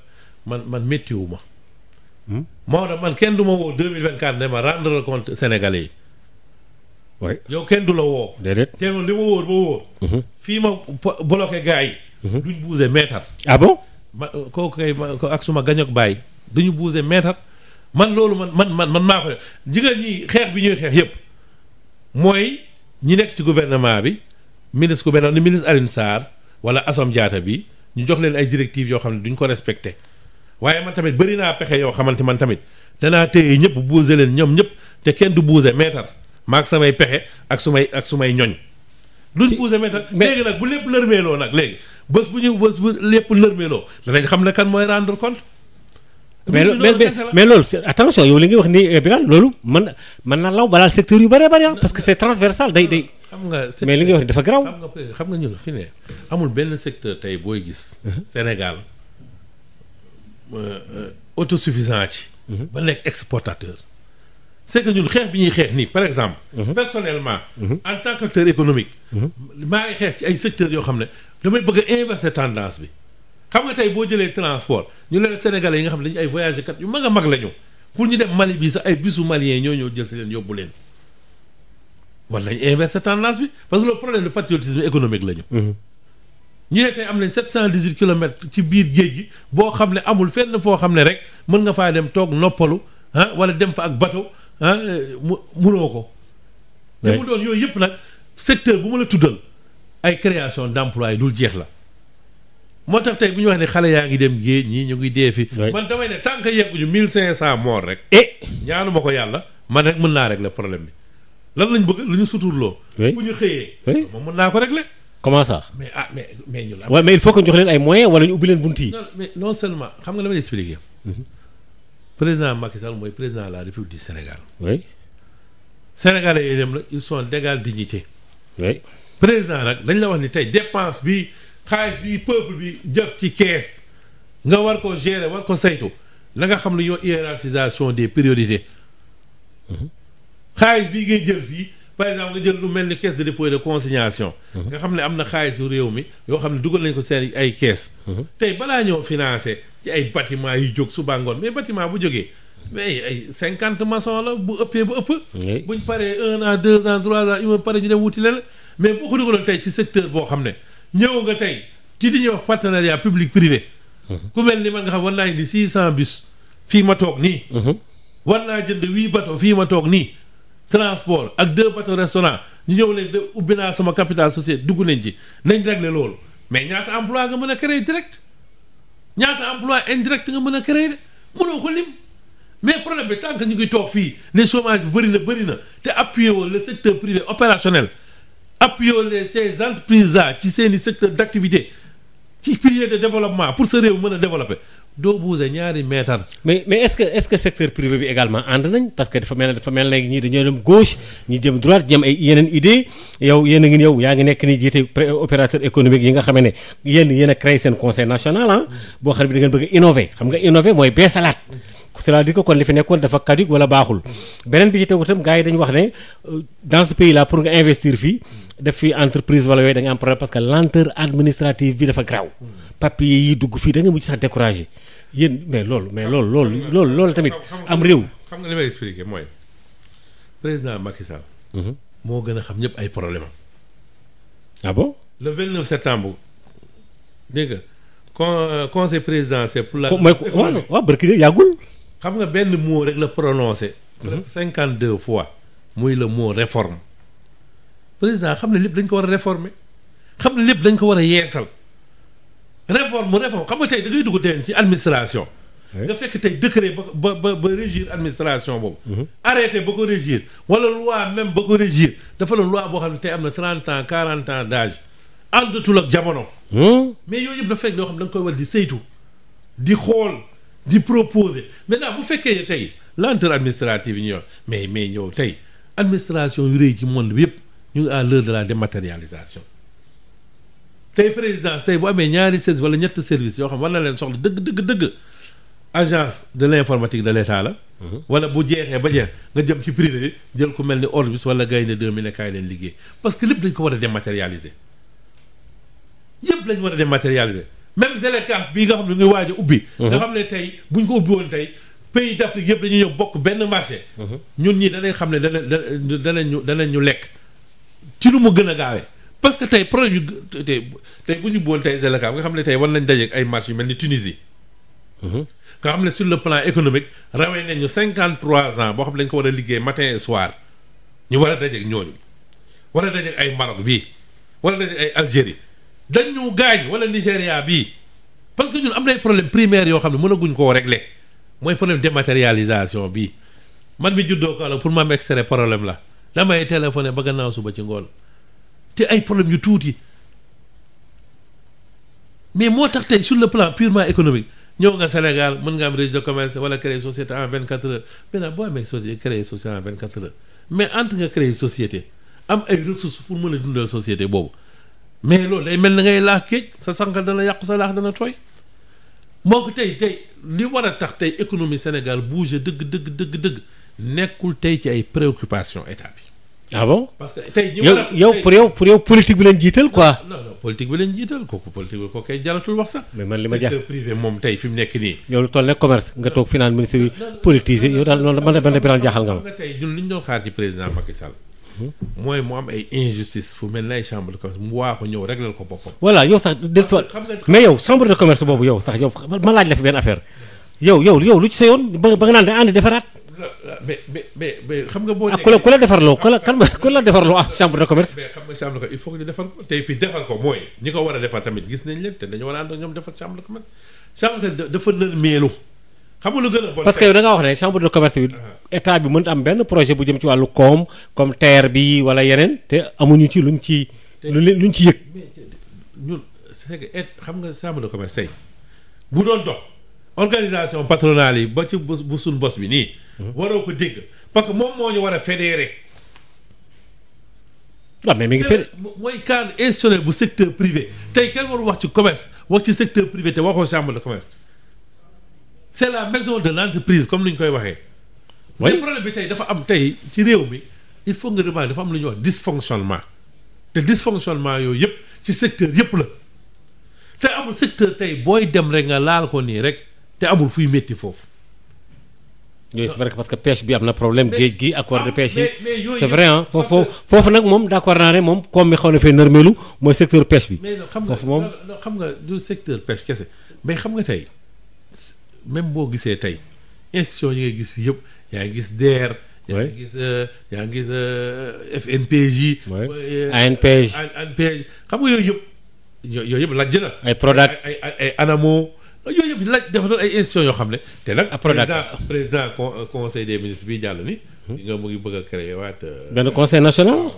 [SPEAKER 2] man man méttiwu ma Maodo hmm? man kenn du ma woo 2024 ne ma rendre compte Sénégalais yi. yow kenn du la woo. déedéet te li ma wóor ba wóor. Hmm. fii ma bloqué gars yi. Hmm. duñ buuse meetar. ah bon. ma kooku kay ma ak suma gañok bàyyi duñu buuse meetar man loolu man man man man maa ko def jigéen ñi xeex bi ñuy xeex yépp mooy ñi nekk ci gouvernement bi ministre ku benn ni ministre Alioune Sarr wala Assome Diatta bi ñu jox leen ay directives yoo xam ne duñ ko respecté. waaye man tamit bëri naa pexe yoo xamante man tamit danaa téye ñëpp buuse leen ñoom ñëpp te kenn du buuse meetar maag samay pexe ak su may ak su sumay ñoñ. duñ buuse meetar léegi nag bu lépp lërmeeloo nag léegi bés bu ñu bés bu lépp lërmeeloo danañ xam ne kan mooy rendre compte. mais mais mais loolu
[SPEAKER 1] attention yow li nga wax ni eh, Birane loolu mën mën na law balaa secteur yu bare bëri ah, parce que c'est transversal day day. xam nga mais li nga wax ni dafa garaaw. xam nga
[SPEAKER 2] xam nga ñu fi ne amul benn secteur tey booy gis uh-huh. Sénégal. Euh, euh, autosuffisant ci. Mhm. ba nekk exportateur. c' est que ñun xeex bi ñuy xeex nii par exemple. Mhm. personnellement. Mhm. en tant que acteur économique. maa ngi xeex ci ay secteurs yoo xam ne damay bëgg a tendance bi. xam nga tey boo jëlee transport ñu ne Sénégalais yi nga xam ne dañu ay voyagé kat yu mag a mag la ñu pour ñu dem Mali bii sax ay bisu Malien ñoo ñëw jël si leen yóbbu leen. war nañ inverser tendance bi parce que le problème de patriotisme économique ñu ne tey am nañ 718 kilomètres ci biir géej gi boo xam ne amul fenn foo xam ne rek mën nga faa dem toog noppalu ah wala dem fa ak bateau ah mu munoo ko. te mu doon yooyu yëpp nag secteur bu ma la tuddal ay création d'emploi yi dul jeex la. moo tax tey bu ñu wax ne xale yaa ngi dem géej ñii ñu ngi dee fi. man damay ne tant que cinq 1500 morts rek. eh ñaanu ma ko yàlla man rek mën naa rek la problème bi lan lañ bëgg lu ñu suturloo.
[SPEAKER 1] comment ça. mais ah mais mais ñu la. waaw il faut que jox leen ay moyens wala ñu ubbi leen bunt yi. non
[SPEAKER 2] mais xam nga la may expliquer. Mhm. président Macky Sall mooy président de la République du Sénégal. oui. Sénégalais yi dem nag ils sont d'égale dignité. oui président nag dañ la wax ni tey dépense bi xaalis bi peuple bi jëf ci kees nga war ko gérer war ko saytu la nga xam ne ñoo hiérarchisation des priorités. Mhm. xaalis bii ngay jël fii par exemple nga jël lu mel ni caisse de dépôt et de consignation. Mhm. nga xam ne am na xaalisu réew mi yoo xam ne dugal nañ ko seen ay caisse. Mhm. tey balaa ñoo financé ci ay bâtiment yu jóg suba ngoon mais bâtiment bu jógee. mais ay cinquante maçon la bu ëppee bu ëpp. buñ paree un an deux ans trois ans ñu ñu dem wuti leen mais boo ko dugaloon tey ci secteur boo xam ne ñëw nga tey ci li ñuy wax partenariat public privé. Mhm. ku mel ni man nga xam war naa indi six cent bus fii ma toog nii. war naa jënd huit bateau fii ma toog nii. transport ak deux bateaux restaurant ñu ñëw leen de ubbi naa sama capital société dugg nañ ci nañ régler loolu mais ñaata emploi nga mën a créer direct ñaata emploi indirect nga mën a créer de mënoo ko lim mais problème bi tant ñu ngi toog fii ne chômage bi bëri na bëri na te appuyer woo le secteur privé opérationnel appuyer woo les ces entreprises là ci seen i secteur d' activité ci pilier de développement pour sa réew mën a développer
[SPEAKER 1] doo buuse ñaari meetar. mais mais est-ce que est-ce que secteur privé bi également ànd nañ parce que dafa mel ne dafa mel ne ñii dañoo dem gauche ñi jëm droite jëm ay yeneen idée yow yéen a ngi yow yaa ngi nekk nii jiite opérateur économique yi nga xam ne yéen yéen a créé seen conseil national ah boo xam da ngeen bëgg a innover xam nga innover mooy beesalaat. c'est-à-dire que kon li fi nekkoon dafa caduc wala baaxul beneen bi ci tegu itam gars yi dañu wax ne euh, dans ce pays là pour nga investir fii def fi entreprise wala yooyu da nga am problème parce que lenteur administrative bi dafa graw papier yi dugg fii da nga mujj sax découragé yéen mais loolu mais loolu loolu loolu loolu tamit am réew
[SPEAKER 2] xam nga li may mooy président Macky
[SPEAKER 1] mhm. moo
[SPEAKER 2] gën a xam ñëpp ay problème am ah le 29 dégg nga con euh, conseil présidentiel pour la. mooy waaw waaw barki yàggul. xam nga benn moo rek la prononcé. presque mhm. cinquante deux fois. muy le mot réforme. président xam ne lépp dañ ko war a réformer. xam ne lépp dañ ko war a yeesal. réforme réforme xam nga tey da ngay dugg teen ci administration. nga fekk tey décret ba ba ba régir administration boobu. Mhm. arrêté ba ko régir. wala loi même ba ko régir dafa la loi boo xam ne am na trente ans quarante ans d'âge àndatul ak jamono. Hmm? mais yooyu yëpp dafa fekk yoo xam ne da nga koy war di saytu. di xool di proposer maintenant bu fekkee ne tey lenteur administrative yi ñu yor mais mais ñëw tey administration yu rëy ci monde bi yëpp ñu ngi à l'heure de la dématérialisation tey présidence tey bu amee ñaari service wala ñett service yoo xam war na leen soxla dëgg dëgg dëgg agence de l'informatique de l'état la. Mhm. wala bu jeexee ba jeex nga jëm ci privé bi jël ku mel ni Orbis wala gaynde 2000 ne kaay leen liggéey parce que lépp dañ ko war a dématérialiser yëpp lañ war a dématérialiser. même ZLECAf bii nga xam ne ñu ngi waaj a ubbi. Mhm. nga xam ne tey bu ñu ko ubbi woon tey pays d' yëpp dañuy ñëw bokk benn marché. Mhm. ñun ñii danañ xam ne dana danañ ñu danañ ñu lekk ci lu mu gën a gaawee. parce que tey projet yu tey tey bu ñu ubbi woon tey ZLECAf nga xam ne tey war nañ dajeeg ay marché yu mel ni Tunisie. Mhm. nga xam ne sur le plan économique rawee nañu cinquante trois ans boo xam ne dañ ko war a liggéey matin et ñu war a dajeeg ñooñu war a dajeeg ay Maroc bii war a ay Algérie. dañ ñu gaañ wala Nigéria bii parce que ñun am nay problème primaire yoo xam ne mënaguñ koo le mooy problème dématérialisation bii man mi juddoo ko la pour ma am extrait problème la damay téléphoné ba gannaaw suba ci ngoon te ay problème yu tuuti mais moo tax tey sur le plan purement économique ñëw nga Sénégal mën nga am registre de commerce wala créer société en vingt quatre heures maintenant boo amee société créer société en vingt quatre heures mais entre société am ay mën a dundal société boobu mais loolu day mel na ngay laax géej sa sànq dana yàqu sa laax dana tooy moo ko tey tey li war a tax tey économie Sénégal bouge dëgg dëgg dëgg dëgg nekkul tey ci ay préoccupation état bi. ah bon parce que tey a yow pour yow pour bi leen jiital quoi. non bi leen jiital kooku politique bi kooku kay jaratul wax sax. mais man li ma jaaxle
[SPEAKER 1] moom tey fi nekk nii. yow lu toll ne commerce nga toog finance ministre bi politisé yow daal loolu man la man jaaxal
[SPEAKER 2] nga ma. mooy mu am ay injustice fu mel ne ay chambre de commerce mu waa ko ñëw réglal ko boppam. voilà
[SPEAKER 1] yow sax de mais yow chambre de commerce boobu yow sax yow ma laaj la fi benn affaire yow yow yow lu ci sa yoon ba nga naan da ànd defaraat.
[SPEAKER 2] boo. Ah, ku ku la defarloo ku la
[SPEAKER 1] kan ku la defarloo ah chambre de commerce.
[SPEAKER 2] mais xam nga tey fii defar ko mooy ñi war a defar tamit gis nañ leen te dañu war a ànd ak ñoom defar chambre de commerce
[SPEAKER 1] chambre meelu xam nga lu gën a bon parce que yow da nga wax ne chambre de commerce bi uh-huh. état bi mënut am benn projet bu jëm ci wàllu koom comme terre bi wala yeneen te amuñu ci lu luñ ci lu luñ ci yëg.
[SPEAKER 2] ñu c'est que xam nga chambre de commerce tey bu doon dox organisation patronale yi ba ci bu suñ bos bi nii. Uh-huh. waroo ko dégg parce que moom moo ñu war a fédéré. waaw ah, mais mi ngi fédéré mooy cadre institutionnel bu secteur privé tey kenn waru wax ci commerce wax ci secteur privé waxoo chambre de c'est la maison de l'entreprise comme ni ñu koy waxee. oui problème bi tey dafa am tey ci réew mi il faut nga remarquer dafa am lu ñu wax dysfonctionnement te dysfonctionnement yooyu yëpp ci secteur yëpp la te amul secteur tey booy dem rek nga laal ko nii
[SPEAKER 1] rek te amul fuy métti foofu. yooyu c'est vrai que que pêche bi am na problème géej gi accord de ah, pêche yi c'est vrai ah foofu foofu nag moom d'accord naa ne moom comme mi xaw na fee nërmeelu mooy secteur pêche bi. foofu moom
[SPEAKER 2] xam nga xam nga du secteur pêche kese mais xam nga tey. même boo gisee tey institution yi ngay gis fi yëpp yaa ngi gis DER. yaa ngi gis euh, yaa ngi gis FNPJ. ANPJ ANPJ xam nga yooyu yëpp. yooyu yëpp lajj na. ay Prodac ay ay ay ANAMO. yooyu yëpp laaj dafa doon ay institutions yoo xam ne. te nag président président euh, conseil des ministres bi jàll ni. Hmm. di nga mu ngi bëgg a créer waat. Euh, benn conseil
[SPEAKER 1] national.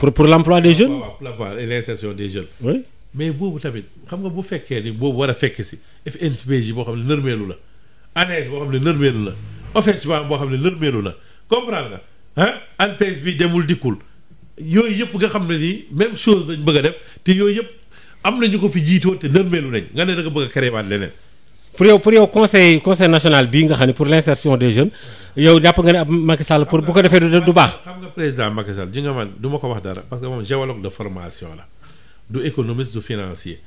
[SPEAKER 1] pour pour l'emploi des jeunes. waaw
[SPEAKER 2] pour l'emploi des jeunes. mais boobu tamit xam nga bu fekkee ni boobu war a fekk si FNPJ boo xam ne nërmeelu la ANEJ boo xam ne nërmeelu la OFEJBA boo xam ne nërmeelu la comprendre nga ne nii même na ñu ko fi jiitoon te nërmeelu nañ nga ne da nga bëgg a créer waat leneen.
[SPEAKER 1] pour yow pour yow conseil conseil national bii nga xam ne pour l'insertion des jeunes yow jàpp nga ne ab Macky Sall pour bu ko defee du baax.
[SPEAKER 2] parce que moom géologue de formation la. du économiste du financier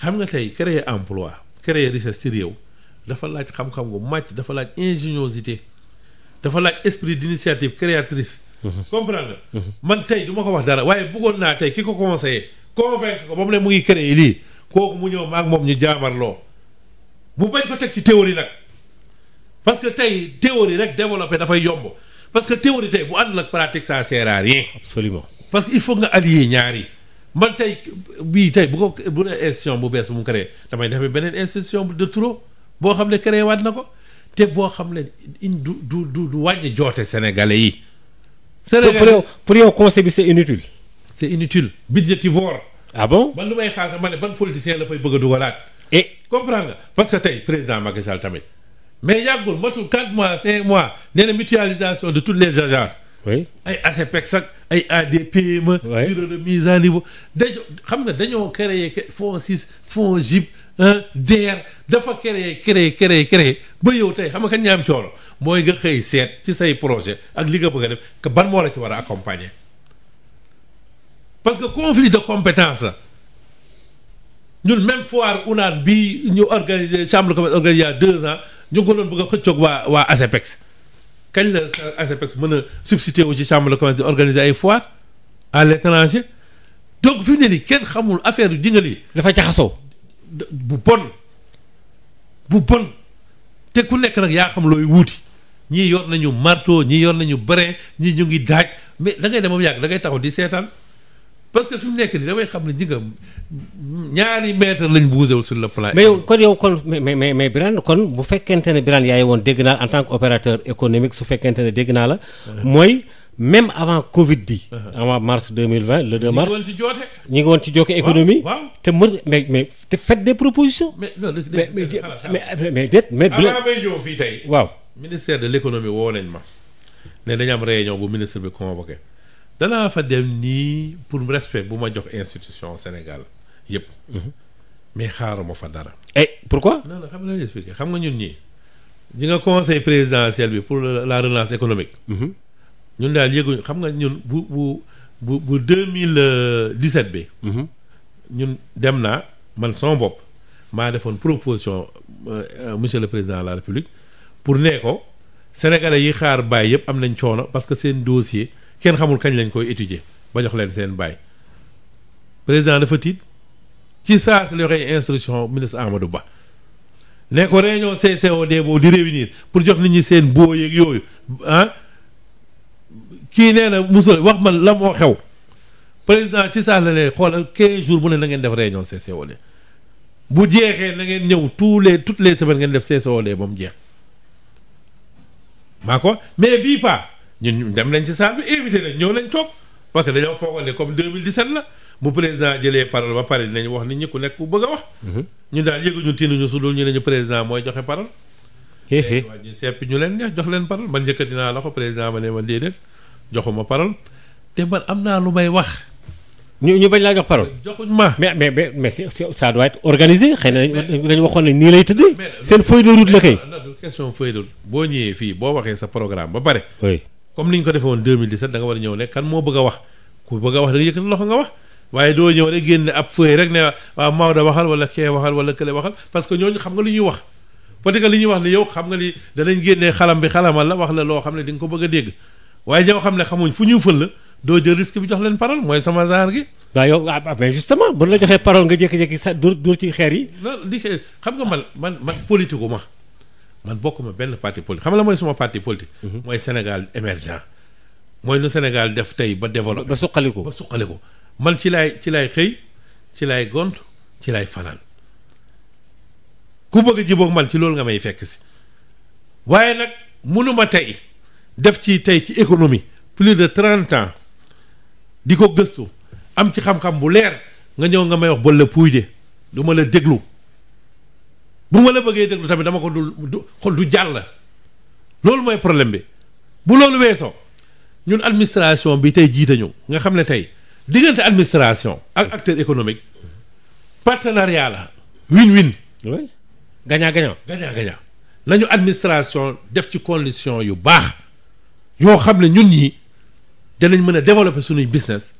[SPEAKER 2] xam nga tey créer emploi créer richesse ci réew dafa laaj xam-xam bu màcc dafa laaj ingéniosité dafa laaj esprit d'initiative créatrice mhm. comprendre mhm. man tey du ma ko wax dara waaye bëggoon naa tey ki ko conseillé convaincre ko ba mu ne mu ngi créer lii kooku mu ñëw maak moom ñu jaamarloo bu bañ ko teg ci théorie nag parce que tey théorie rek développé dafay yomb parce que théorie tey bu àndul ak pratique ça sert man tey bii tey bu ko bu ne institution bu bees bu mu créé damay def beneen institution de trop boo xam ne créé waat na ko te boo xam ne du du du du wàññi joote sénégalais yi. sénégalais pour yow conseil bi c'est inutile. c'est inutile budgétivore. ah bon man lu may xaar ma ne ban politicien la fay bëgg a dugalaat. et comprendre nga parce que tey président Macky Sall tamit mais yàggul matul 4 mois 5 mois nee mutualisation de toutes les agences. oui ay ACPEX ak ay ADPME. oui bureau de mise à niveau. dañoo xam nga dañoo créé fonds six fonds JIP DER dafa créé créé créé créé ba yow tey xam nga kañ ñaam coono mooy nga xëy seet ci say projet ak li nga bëgg a def que ban moo la ci war a accompagner parce que conflit de compétence la ñun même foire unaan bi ñu organiser chambre de commerce organisé il y deux ans ñu ngi ko doon bëgg waa waa ACPEX. kañ la ACPEX mën a substitué wu ci chambre de commerce di organiser ay foire à l' étranger donc fi mu ne nii kenn xamul affaire yu dingal dafay dafa jaxasoo. bu bon bu bon te ku nekk nag yaa xam looy wuuti ñii yor nañu marteau ñii yor nañu brin ñii ñu ngi daaj mais da ngay dem moom yàgg da ngay taxaw di seetaan. parce que fi mu nekk nii damay xam ne jigéen ñaari mètre lañ bougé wul sur le plan. mais yow
[SPEAKER 1] kon yow kon mais mais kon bu fekkente ne Birane yaay woon dégg naa en tant que opérateur économique su fekkente ne dégg naa la. mooy même avant Covid bi. Uh-huh. avant mars 2020 le 2 mars. ñi ngi woon ci woon ci jooke économie. waaw te mën mais mais te faites des propositions. mais non mais mais mais may ñëw
[SPEAKER 2] waaw ministère de l' économie woo nañ ma. ne dañu am réunion bu ministre bi convoqué. danaa fa dem nii pour respect bu ma jox institution Sénégal yëpp. Mhm. mais xaaruma fa dara.
[SPEAKER 1] eh pour non non
[SPEAKER 2] xam nga expliqué xam nga ñun ñii. di nga conseil présidentiel bi pour la relance économique. Mhm. ñun daal yëguñu xam nga ñun bu bu bu bu deux mille dix sept bi. Mhm. ñun dem naa man sama bopp maa defoon proposition euh, euh, monsieur le président la république pour ne ko sénégalais yi xaar bàyyi yëpp am nañ coono parce que seen dossier. kenn xamul kañ lañ koy étudier ba jox leen seen baay président dafa tiit ci saa si la joxee instruction ministre Amadou Ba ne ko réunion CCOD boobu di réunir pour jox nit ñi seen boo yeeg yooyu ah kii nee na musul wax man la moo xew président ci saa la leen xoolal 15 bu ne na ngeen def réunion CCOD bu jeexee na ngeen ñëw tous les toutes les semaines ngeen def CCOD ba mu jeex maa ko mais bii pas. ñun dem nañ ci salle bi ñëw nañ toog parce que dañoo foogoon ne comme 2017 la bu président jëlee parole ba pare dinañ wax nit ñi ku nekk a wax. Mhm. ñun daal yëguñu tiinuñu su ñu ne ñu président mooy joxe parole. xeexee eh, waaye ñu ñu leen neex jox leen parole man njëkkati naa la ko président ma
[SPEAKER 1] ne ma déedéet joxuma parole te man am naa lu may wax. ñu ñu bañ laa jox parole. joxuñ ma mais mais mais mais ça doit être organisé xëy na dañu waxoon ne nii lay tëddee. seen feuille de route la kay.
[SPEAKER 2] boo ñëwee fii boo waxee sa programme ba pare. oui. comme ni ñu ko defee woon 2017 da nga war a ñëw ne kan moo bëgg a wax ku bëgg a wax da nga yëkkati loxo nga wax waaye doo ñëw rek génne ab feuille rek ne waaw Maodo waxal wala kee waxal wala kële waxal parce que ñooñu xam nga li ñuy wax peut-être que li ñuy wax ne yow xam nga ni danañ génnee xalam bi xalamal la wax la loo xam ne di nga ko bëgg a dégg waaye ñoo xam ne xamuñ fu ñuy fël la doo jël risque bi jox leen parole mooy sama genre gi waaw yow ah,
[SPEAKER 1] ah mais justement bu la joxee parole nga jékki-jékki sa dur dur ci xeer yi
[SPEAKER 2] xam nga man man man politique ma man bokkuma benn parti politique xam nga la mooy suma parti politique. Mhm. mooy Sénégal émergent. mooy lu Sénégal def tey ba développé. ba suqaliku ba suqaliku man ci laay ci laay xëy ci laay gont ci laay fanaan ku bëgg a jiboog man ci loolu nga may fekk si waaye nag mënuma tey def ci tey ci économie plus de trente ans di ko gëstu am ci xam-xam bu leer nga ñëw nga may wax ba la puuj de du ma la déglu. bu ma la bëggee déglu tamit dama ko du xol du jàll loolu mooy problème bi bu loolu weesoo ñun administration bi tey jiite ñu nga xam ne tey diggante administration ak acteur économique partenariat la win-win. oui gagnant gagnant. gagnant gagnant nañu administration def ci condition yu baax yoo xam ne ñun ñii danañ mën a développer suñuy business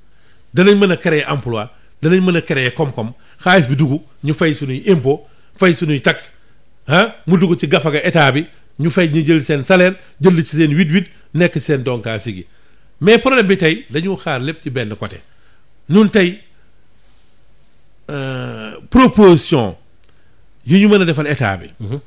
[SPEAKER 2] danañ mën a créer emploi danañ mën a créer koom-koom xaalis bi dugg ñu fay suñuy impôt fay suñuy taxe ah mu dugg ci gafaga état bi ñu fay ñu jël seen salaire jël ci seen huit huit nekk seen donkaasi gi mais problème bi tey dañu xaar lépp ci benn côté ñun tey euh, proposition yi ñu mën a defal état bi. Mm-hmm.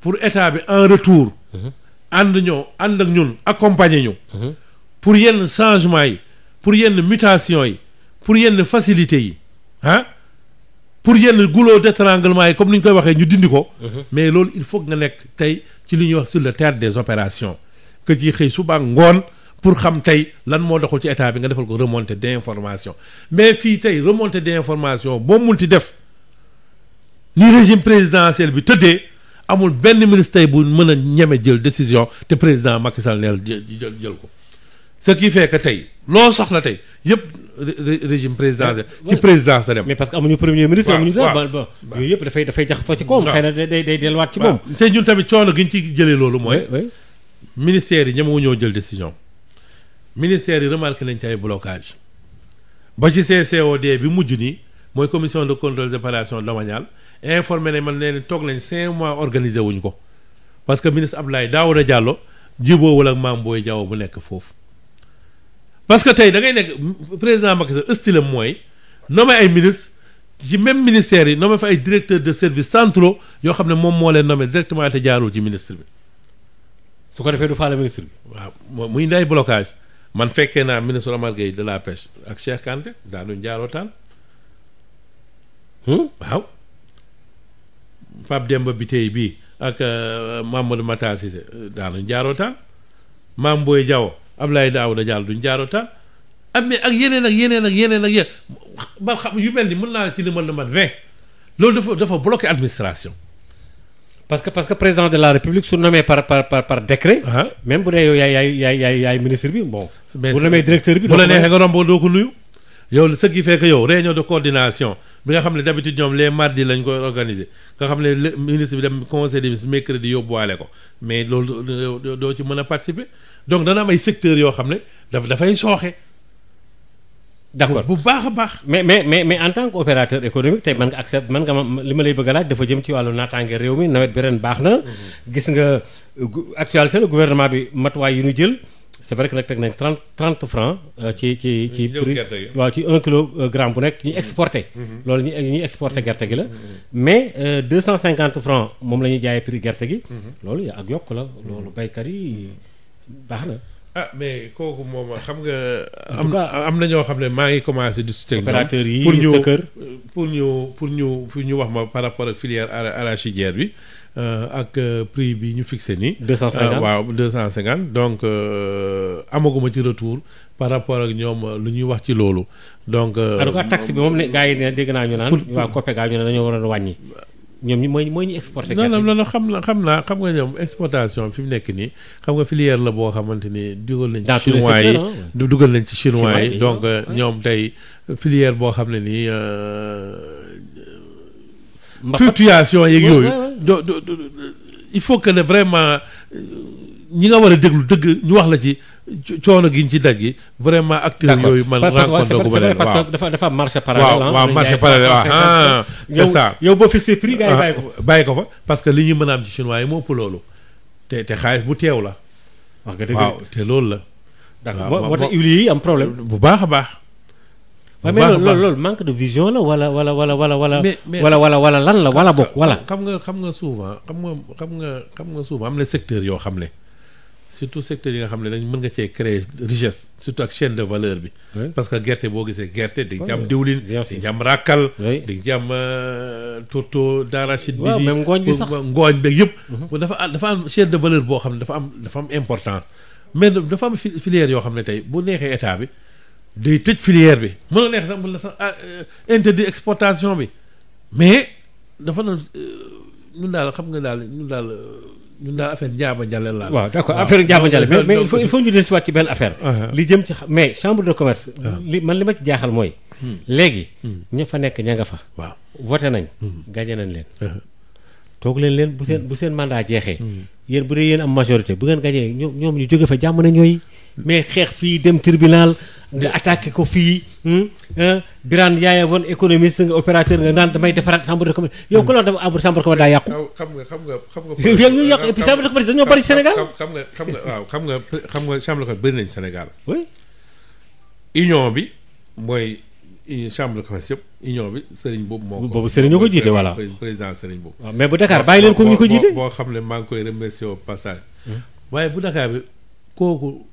[SPEAKER 2] pour état bi en retour. Mm-hmm. ànd ñoo ànd ak ñun accompagner ñu. Mm-hmm. pour yenn changement yi pour yenn mutation yi pour yenn facilité yi pour yenn goulot d'étranglement yi comme ni ñu koy waxee ñu dindi ko. Mhm. mais loolu il faut nga nekk tey ci li ñuy wax sur le théâtre des opérations. que ci xëy suba ngoon pour xam tey lan moo doxul ci état bi nga defal ko remontée d'information mais fii tey remontée d'information boo mun ti def ni régime présidentiel bi tëddee amul benn ministre tey bu mën a ñeme jël décision te président Macky Sall neel jël jël ko
[SPEAKER 1] ce qui fait que tey loo soxla tey régime présidentiel. Eh, ci présidence sa dem. mais parce que amuñu premier ministre. amuñu dara ba yëpp dafay dafay jaxasoo ci koom. xëy na day day delluwaat ci moom.
[SPEAKER 2] te ñun tamit coono gi ñu ci jëlee loolu mooy. ministère yi ñemewu ñoo jël décision. ministère yi remarqué nañ ci ay blocage ba ci CCOD bi mujj nii mooy commission de contrôle de opérations domaniales informé nañ man leen toog nañ cinq mois organisé wuñ ko parce que ministre Abdoulaye Daouda jàllo jiboo wala ak Mame Boye Diao bu nekk foofu. parce que tey dangay ngay nekk président Macky Sall style mooy nommé ay ministre ci même ministère yi nommé fa ay directeur de service centraux yoo xam ne moom moo leen nommé directement te jaarul ci ministre bi. su ko defee du faale ministre bi. waaw muy day blocage man fekkee naa ministre Omar de la pêche ak Cheikh Kanté daanuñ jaaroo taan hmm? waaw Pape Demba bii ak euh, Mamadou Matar Cissé euh, daanuñ jaaroo taan Mame Boye Diao. Abdoulaye Daouda Diallo duñ jaarota am ah, mais ak yeneen ak yeneen ak yeneen ak yeneen man xam
[SPEAKER 1] yu mel ni mën naa la ci limal lu mat vingt loolu dafa dafa bloqué administration. parce que parce que président de la république su nommé par par par par décret. Ah. même bu dee yow yaay yaay yaay yaay yaay ministre bi bon. bu nommé directeur bi. bu la neexee nga romb doo ko nuyu. yow ce qui fait que yow réunion de
[SPEAKER 2] coordination bi nga xam ne d'habitude ñoom les mardi lañ koy organiser nga xam ne ministre bi dem conseil des ministres mercredi yóbbuwaale ko mais loolu doo ci mën a participer donc dana am ay secteurs
[SPEAKER 1] yoo xam ne daf dafay sooxe. d'accord bu baax a baax. mais mais mais mais en tant qu'opérateur économique tey man nga accepte man nga ma li ma lay bëgg laaj dafa jëm ci wàllu naataange réew mi nawet bi ren baax na. Mm-hmm. gis nga actualité la gouvernement bi matuwaay yu ñu jël. c'est vrai que nag teg nañ trente trente francs euh, ci ci ci prix waaw ci un kilogramme euh, bu nekk ñu mm-hmm. exporté mm-hmm. loolu ñu ñuy exporté gerte gi la mais euh, deux cent cinquante francs moom la ñuy jaayee prix gerte gi loolu ak yokk la loolu baykat yi baax na.
[SPEAKER 2] ah mais kooku moom xam nga. am
[SPEAKER 1] am na ñoo xam ne maa ngi commencé. discuter ak opérateur yi pour ñu
[SPEAKER 2] pour ñu pour ñu pour ñu wax ma par rapport ak filière arachidière bi euh, ak euh, prix bi ñu fixé nii. 250 euh, waaw 250 donc amaguma ci retour par rapport ak ñoom lu ñuy wax ci loolu donc. en tout cas taxe bi moom ne gaa yi ne dégg naa ñu naan. waa COPEGA ñu ne dañoo waroon wàññi. ñoom ñi mooy mooy ñu exporté. gerte non non xam na xam naa xam nga ñoom exportation fi mu nekk nii xam nga filière la boo xamante ni dugal nañ ci chinois yi dugal nañ ci chinois yi donc ñoom tey filière boo xam ne nii euh, fluctuation yeeg yooyu do do il faut que ne vraiment ñi nga war a déglu dëgg ñu wax la ci coono gi ci daj gi vraiment acteurs yooyu man rencontre ko dafa dafa marché parallèle waaw marché parallèle waaw ah, c'est yow boo fixé ah, bàyyi ko fa parce que li ñu mën a am ci loolu te xaalis bu teew la wax nga dëgg waaw loolu la d'accord moo
[SPEAKER 1] bu baax a baax waaw mais loolu loolu manque vision la wala wala wala wala wala wala wala wala lan la wala bokk wala
[SPEAKER 2] xam nga xam nga souvent xam nga xam nga xam nga souvent am na secteur yoo xam ne surtout secteur yi nga xam ne dañ mën nga cee créer richesse surtout ak chaîne de valeur bi parce que gerte boo gisee gerte di nga ci am diwlin di nga ci am ràkkal di nga euh, ci am tourteau d'arachide bi ngooñ bi sax ngooñ be yëpp mhm. dafa dafa am chaîne de valeur boo xam ne dafa am dafa am importance mais dafa am filière yoo xam ne tey bu neexee état bi day tëj filière bi mën a neex sax mën la sax ah, euh, interdit exportation bi mais dafa na euh, ñun daal xam nga daal ñun daal ñun daal affaire jaaba jàlle la waaw d'accord affaire jaaba jàlle mais mais il faut il faut
[SPEAKER 1] ñu dellusiwaat ci benn affaire. Ah, ah. li jëm ci mais chambre de commerce. Ah. li man li ma ci jaaxal mooy. Hmm. léegi. Hmm. ña fa nekk ña nga fa. waaw voté nañ. Hmm. gagné nañ leen. toog leen leen bu seen bu seen mandat jeexee. yéen bu dee yéen am majorité bu ngeen gagné ñoom ñu jóge fa jàmm na ñooy. mais xeex fii dem tribunal. nga attaqué ko fii hmm? eh, Birane yaaya woon économiste nga opérateur nga naan damay defaraat chambre de commerce yow ku loolu dafa amul chambre de commerce daa yàqu.
[SPEAKER 2] xam nga xam nga xam nga. yow ñu xam nga xam nga xam nga xam nga chambre de commerce bëri nañ Sénégal. oui union bi mooy chambre de commerce yëpp union bi Serigne boobu moo ko. boobu Serigne ñoo ko jiite voilà président ah, mais bu Dakar bàyyi leen ko ñu ko jiite. boo xam ne maa ngi koy remercier au passage. Hmm. waaye bu Dakar bi kooku.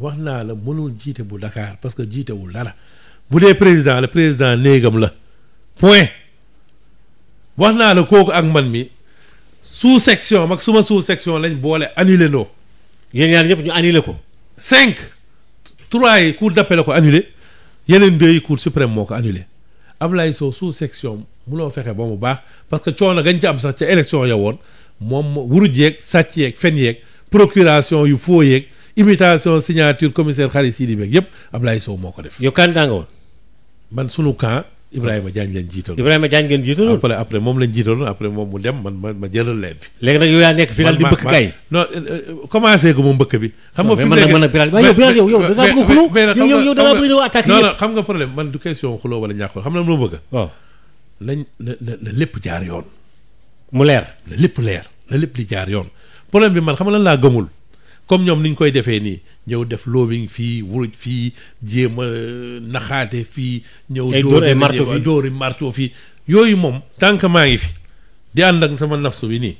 [SPEAKER 2] wax naa la mënul jiite bu dakaar parce que jiitewul dara bu dee président la président néegam la point wax naa la kooku ak man mi sous section mag suma sous section lañ boole annulé noo. yéen ñaar ñëpp ñu annulé ko. cinq trois yi cour d'appel la ko annulé yeneen deux yi cour suprême moo ko annulé Ablaye Sow sous section munoo fexe ba mu baax parce que coono gañ ci am sax ca élection ya woon moom wuruj yeeg sàcc yeeg fen yéeg procuration yu foo yeeg. imitation signature commissaire xarit Sidi beeg yëpp Ablaye Sow moo ko def. yow candidat nga woon. man sunu camp Ibrahima Diagne lañ jiitaloon. Ibrahima Diagne ngeen jiitaloon. après après moom lañ jiitaloon après moom mu dem man ma ma jëlal leen fi. léegi nag yow euh, euh, bi. xam nga a xuloo. yow yow a xam nga problème man du question xuloo wala ñàkkul xam na lu ma bëgg. waaw lañ lépp jaar yoon. mu
[SPEAKER 1] leer la lépp
[SPEAKER 2] leer la lépp li jaar yoon problème bi man xam nga lan laa gëmul comme ñoom ni ñu koy defee nii ñëw def lobbying fii wuruj fii jéem a euh, naxaate fii. ñëw dóor ay marto fii dóori marto fii yooyu moom. tant que maa ngi fi di ànd ak sama nafsu bi nii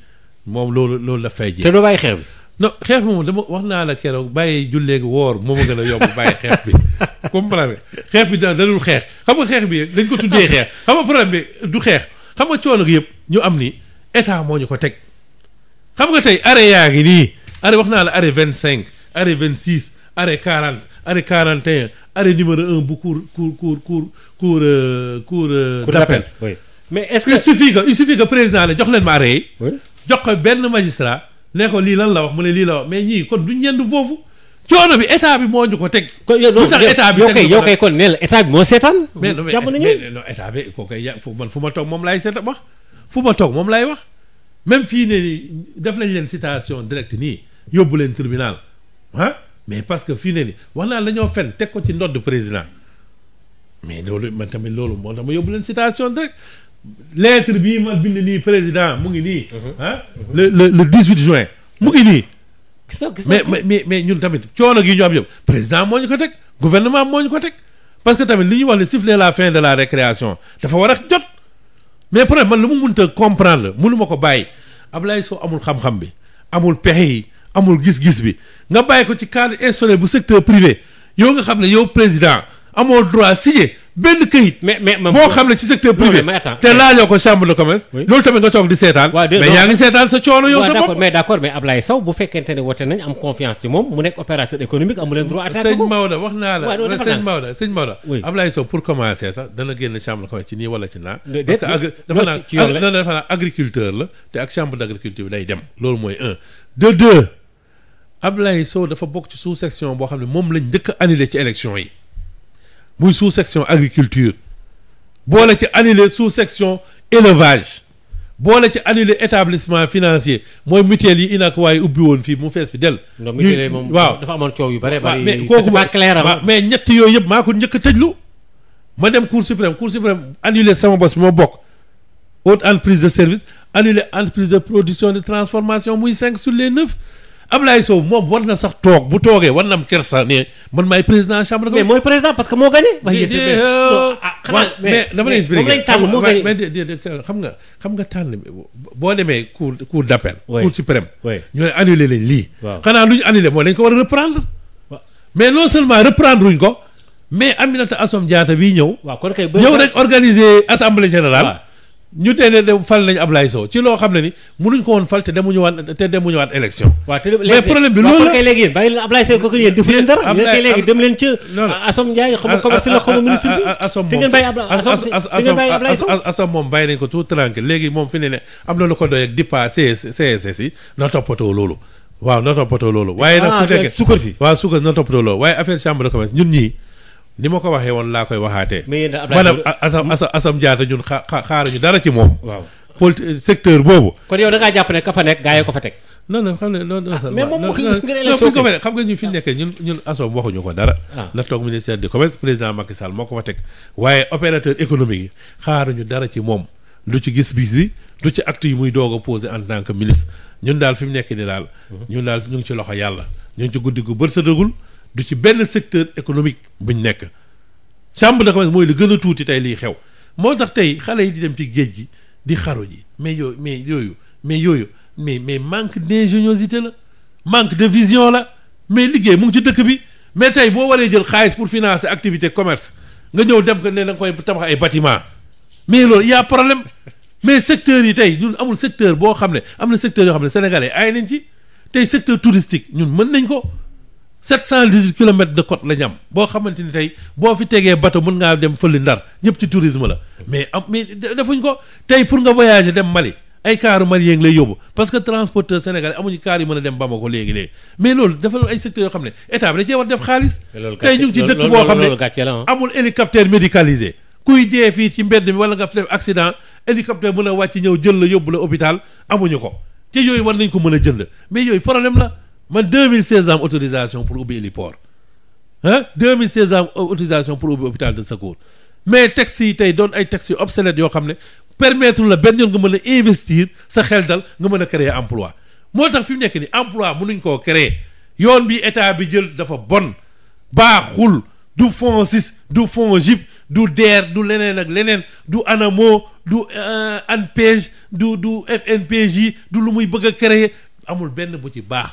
[SPEAKER 2] moom loolu loolu daf fay jeex. te doo bàyyi xeex bi. non xeex bi moom dama wax naa la keroog bàyyi julleeg woor moo ma gën a yomb bàyyi xeex bi comprendre xeex bi da dadul xeex xam nga xeex bi dañ ko tuddee xeex xam nga problème bi du xeex xam nga coono gi yëpp ñu am ni état moo ñu ko teg xam nga arrêt wax naa la arrêt vingt cinq arrêt vingt six arrêt quarante arrêt quarante et numéro un bu cour cour cour cour cour euh, cour euh, d'appel oui mais est-ce que il suffit que il président la jox leen ma arrêt yi jox ko benn magistrat ne ko lii lan la wax mu ne lii la wax mais ñi kon duñ yendu foofu coono bi état bi moo ñu ko teg. kon yow tax état bi kon nee la état bi moo
[SPEAKER 1] seetaan. mais non mais
[SPEAKER 2] non état man fu ma toog moom laay seetaan wax fu ma toog moom laay wax même fii ne def nañ leen citation direct nii. yóbbu leen tribunal ah mais parce que fii ne ni wax naa dañoo fen teg ko ci ndodd président mais loolu ma tamit loolu moo tax ma yóbbu leen citation direct lettre bii ma bind nii président mu ngi nii ah le le le 18 juin mu ngi nii mais mais mais ñun tamit coono gi ñu am yëpp président moo ñu ko teg gouvernement moo ñu ko teg parce que tamit li ñuy wax ne siffler la fin de la récréation dafa war a jot mais problème man lu mu mënta comprendre mënu ko bàyyi Ablaye Sow amul xam bi amul pexe yi amul gis-gis bi nga bàyyi ko ci cadre institutionnel bu secteur privé yow nga xam ne yow président amoo droit signé benn këyit. boo xam ne ci secteur privé. te laajoo ko chambre de commerce. loolu tamit nga toog di seetaan. mais yaa ngi seetaan
[SPEAKER 1] sa coono yow sa bopp. mais d' mais Ablaye Sow bu fekkente ne wote nañ am confiance ci moom mu nekk opérateur économique amu droit. attaqué ko sëñ Maodo wax naa la waaw sëñ Maodo sëñ Maodo. pour commencer sax
[SPEAKER 2] dana ab Ablaye Sow dafa bokk ci sous-section boo xam ne moom lañ njëkk a annulé ci élection yi muy sous-section agriculture boole ci annulé sous-section élevage boole ci annulé établissement financier mooy mutuelle yi inaak waaye ubbi woon fii mu fees fi del waaw dafa amoon yu bare bare mais kooku ba mais ñett yooyu yëpp maa ko njëkk a tëjlu ma dem cour suprême cour suprême annulé sama bos moo ma bokk haute entreprise de service annulé entreprise de production de transformation muy cinq sur les am Ablaye Sow moom war na sax toog bu toogee war na am kersa ne man maay président chambre de mais mooy président parce que moo gagné. mais dama lay expliquer moom lañ tànn moo gagné xam nga xam nga tànn boo demee cour cour d'appel. cour suprême. ñu ne annulé lañ lii. waaw xanaa lu ñu annulé mooy ko war a reprendre. mais non seulement reprendre wuñ ko mais Aminata Assome jaata bii ñëw. waaw kon kay ñëw rek organiser assemblée générale. ñu tee ne de fal nañu Ablaye Sow ci loo xam ne ni mënuñ ko woon fal te demuñu waat te demuñu waat élection. waaw te mais problème bi loolu la kay léegi yéen bàyyi leen
[SPEAKER 1] Ablaye Sow kooku yéen defu leen dara. dem leen ca. non Assome Ndiaye xaw ma la xaw ma ministre bi. Assome moom
[SPEAKER 2] Assome moom bàyyi nañ ko tout tranquille léegi moom fi ne ne am na lu ko doy ak DIPA CSS yi na toppatoo loolu. waaw na toppatoo loolu. waaye nag ah, fu nekkee sukkar si waaw sukkar si na toppatoo loolu waaye affaire chambre de commerce ñun ñii ni ma ko waxee woon laa koy waxaatee. mais yéen maanaam asam asam asam jaata xaar xaaruñu dara ci moom. waaw poli secteur boobu. kon yow da jàpp ne ka fa nekk gaa ko fa teg. non non xam ne non non ah, mais moom xam nga ñu fi nekkee ñun ñun asom waxuñu ko dara la ah. toog ministère du président Macky Sall moo ko teg waaye opérateur économique yi xaaruñu dara ci moom lu ci gis bis bi lu ci acte yi muy doog a posé en tant que ministre ñun daal fi mu nekk ni daal mm-hmm. ñun daal ñu ci loxo yàlla ñu ngi ci guddi gu bër sa dëggul du ci benn secteur économique buñ nekk chambre de commerce mooy lu gën a tuuti tey lii xew moo tax tey xale yi di dem ci gi di xaru ji mais yooyu mais yooyu mais yooyu mais mais manque d'ingéniosité la manque de vision la mais liggéey mu ngi ci dëkk bi mais tey boo waree jël xaalis pour financer activité commerce nga ñëw dem ko ne da nga koy tabax ay batiment mais loolu y a problème mais secteurs yi tey ñun amul secteur boo xam ne am na secteur yoo xam ne sénégalais ay ci tey secteur touristique ñun mën nañ ko sept cent dix-huit kilomètres de côte la ñu am boo xamante ni tey boo fi tegee bateau mën ngaa dem fëli ndar ñëpp ci tourisme la mais am mais defuñ ko tey pour nga voyager dem Mali ay caaru malien ngi lay yóbbu parce que transporteur sénégalais amuñu caar yu mën a dem Bamako léegi-léegi mais loolu dafa doon ay secteurs yoo xam ne état bi da cee war def xaalis tey ñu ngi ci dëkk boo xam ne amul hélicoptère médicalisé kuy dee fii ci mbedd mi wala nga a wàcc la yóbbu la hôpital amuñu ko te war nañ ko mën a jënd mais yooyu problème la man 2016 am autorisation pour ubbi héliport ah 2016 am autorisation pour ubbi hôpital de secours mais textes yi tey doon ay textes yu obsolètes yoo xam ne permettre la benn yoon nga mën a investir sa xel dal nga mën a créer emploi moo tax fi mu nekk ni emploi mënuñ koo créer yoon bi état bi jël dafa bon baaxul du FONSIS du fons FONGIP du DER du leneen ak leneen du ANAMO du euh, ANPEJ du du FNPJ du lu muy bëgg a créer amul benn bu ci baax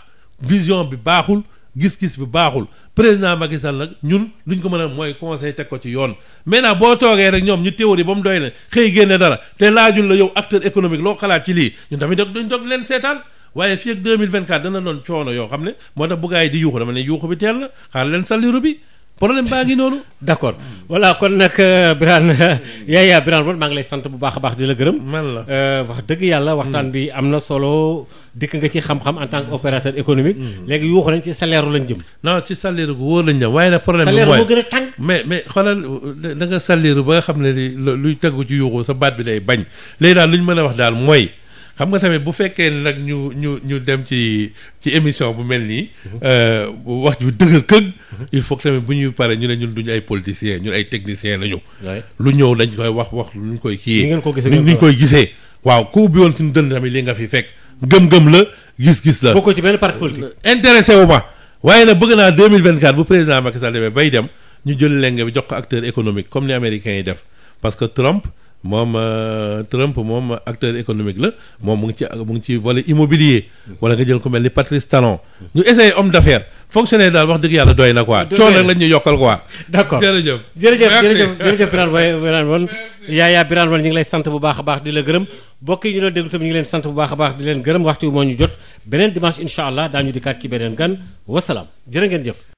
[SPEAKER 2] vision bi baaxul gis-gis bi baaxul président Macky Sall nag ñun ñu ko mën a mooy conseil teg ko ci yoon maintenant boo toogee rek ñoom ñu théorie ba mu doy leen xëy génne dara te laajul la yow acteur économique loo xalaat ci lii ñun tamit duñ toog leen seetaan waaye fii ak 2024 dana doon coono yoo xam ne moo tax bu gars yi di yuuxu dama ne yuuxu bi teel la
[SPEAKER 1] xaar leen saliru bi problème baa ngi noonu. d' accord voilà kon nag euh, Birane Yaya Birane Wane maa ngi lay sant bu baax a baax di la gërëm. man la euh, wax dëgg yàlla. waxtaan mm. bi am na solo. dikk nga ci xam-xam en tant que opérateur économique. Mm. léegi yuuxu nañ ci salaire lañ jëm. non ci salaire gu wóor lañ jëm waaye nag problème. bi mooy salaire gën a tàng. mais mais xoolal da nga salaire ba nga xam ne
[SPEAKER 2] luy tegu ci yuuxu sa baat bi day bañ léegi daal lu ñu mën a wax daal mooy. xam nga tamit bu fekkee ne nag ñu ñu ñu dem ci ci émission bu mel nii. Mhm. Euh, wax ju dëgër këgg. il faut que tamit bu ñuy pare ñu ne ñun duñu ay politiciens ñun ay techniciens lañu. lu ñëw dañ koy wax wax ñu koy kii. ni ñu koy gisee waaw ku ubbi woon suñu dënd tamit li nga fi fekk. gëm-gëm la gis-gis la. bokkoo
[SPEAKER 1] ci benn parti politique.
[SPEAKER 2] Euh, intéressé waaye nag bëgg naa 2024 bu président Macky Sall demee bay dem ñu jël lenge bi jox ko acteur économique comme ni américains yi def parce que Trump. moom euh, Trump moom acteur économique la moom mu ngi ci mu ngi ci volet immobilier wala nga jël ko mel ni Patrice Talon ñu essayé homme d'affaires fonctionnaire daal wax dëgg yàlla doy na quoi coono lañ ñu yokkal quoi d'accord jërëjëf jërëjëf jërëjëf
[SPEAKER 1] jërëjëf Birane Boye Birane Wane yaa yaa Birane Wane ñu ngi lay sant bu baax a baax di la gërëm bokk yi ñu doon déglu tamit ñu ngi leen sant bu baax a baax di leen gërëm waxtu wi moo ñu jot beneen dimanche incha allah daañu dikkaat ci beneen gan wasalaam jërë ngeen jëf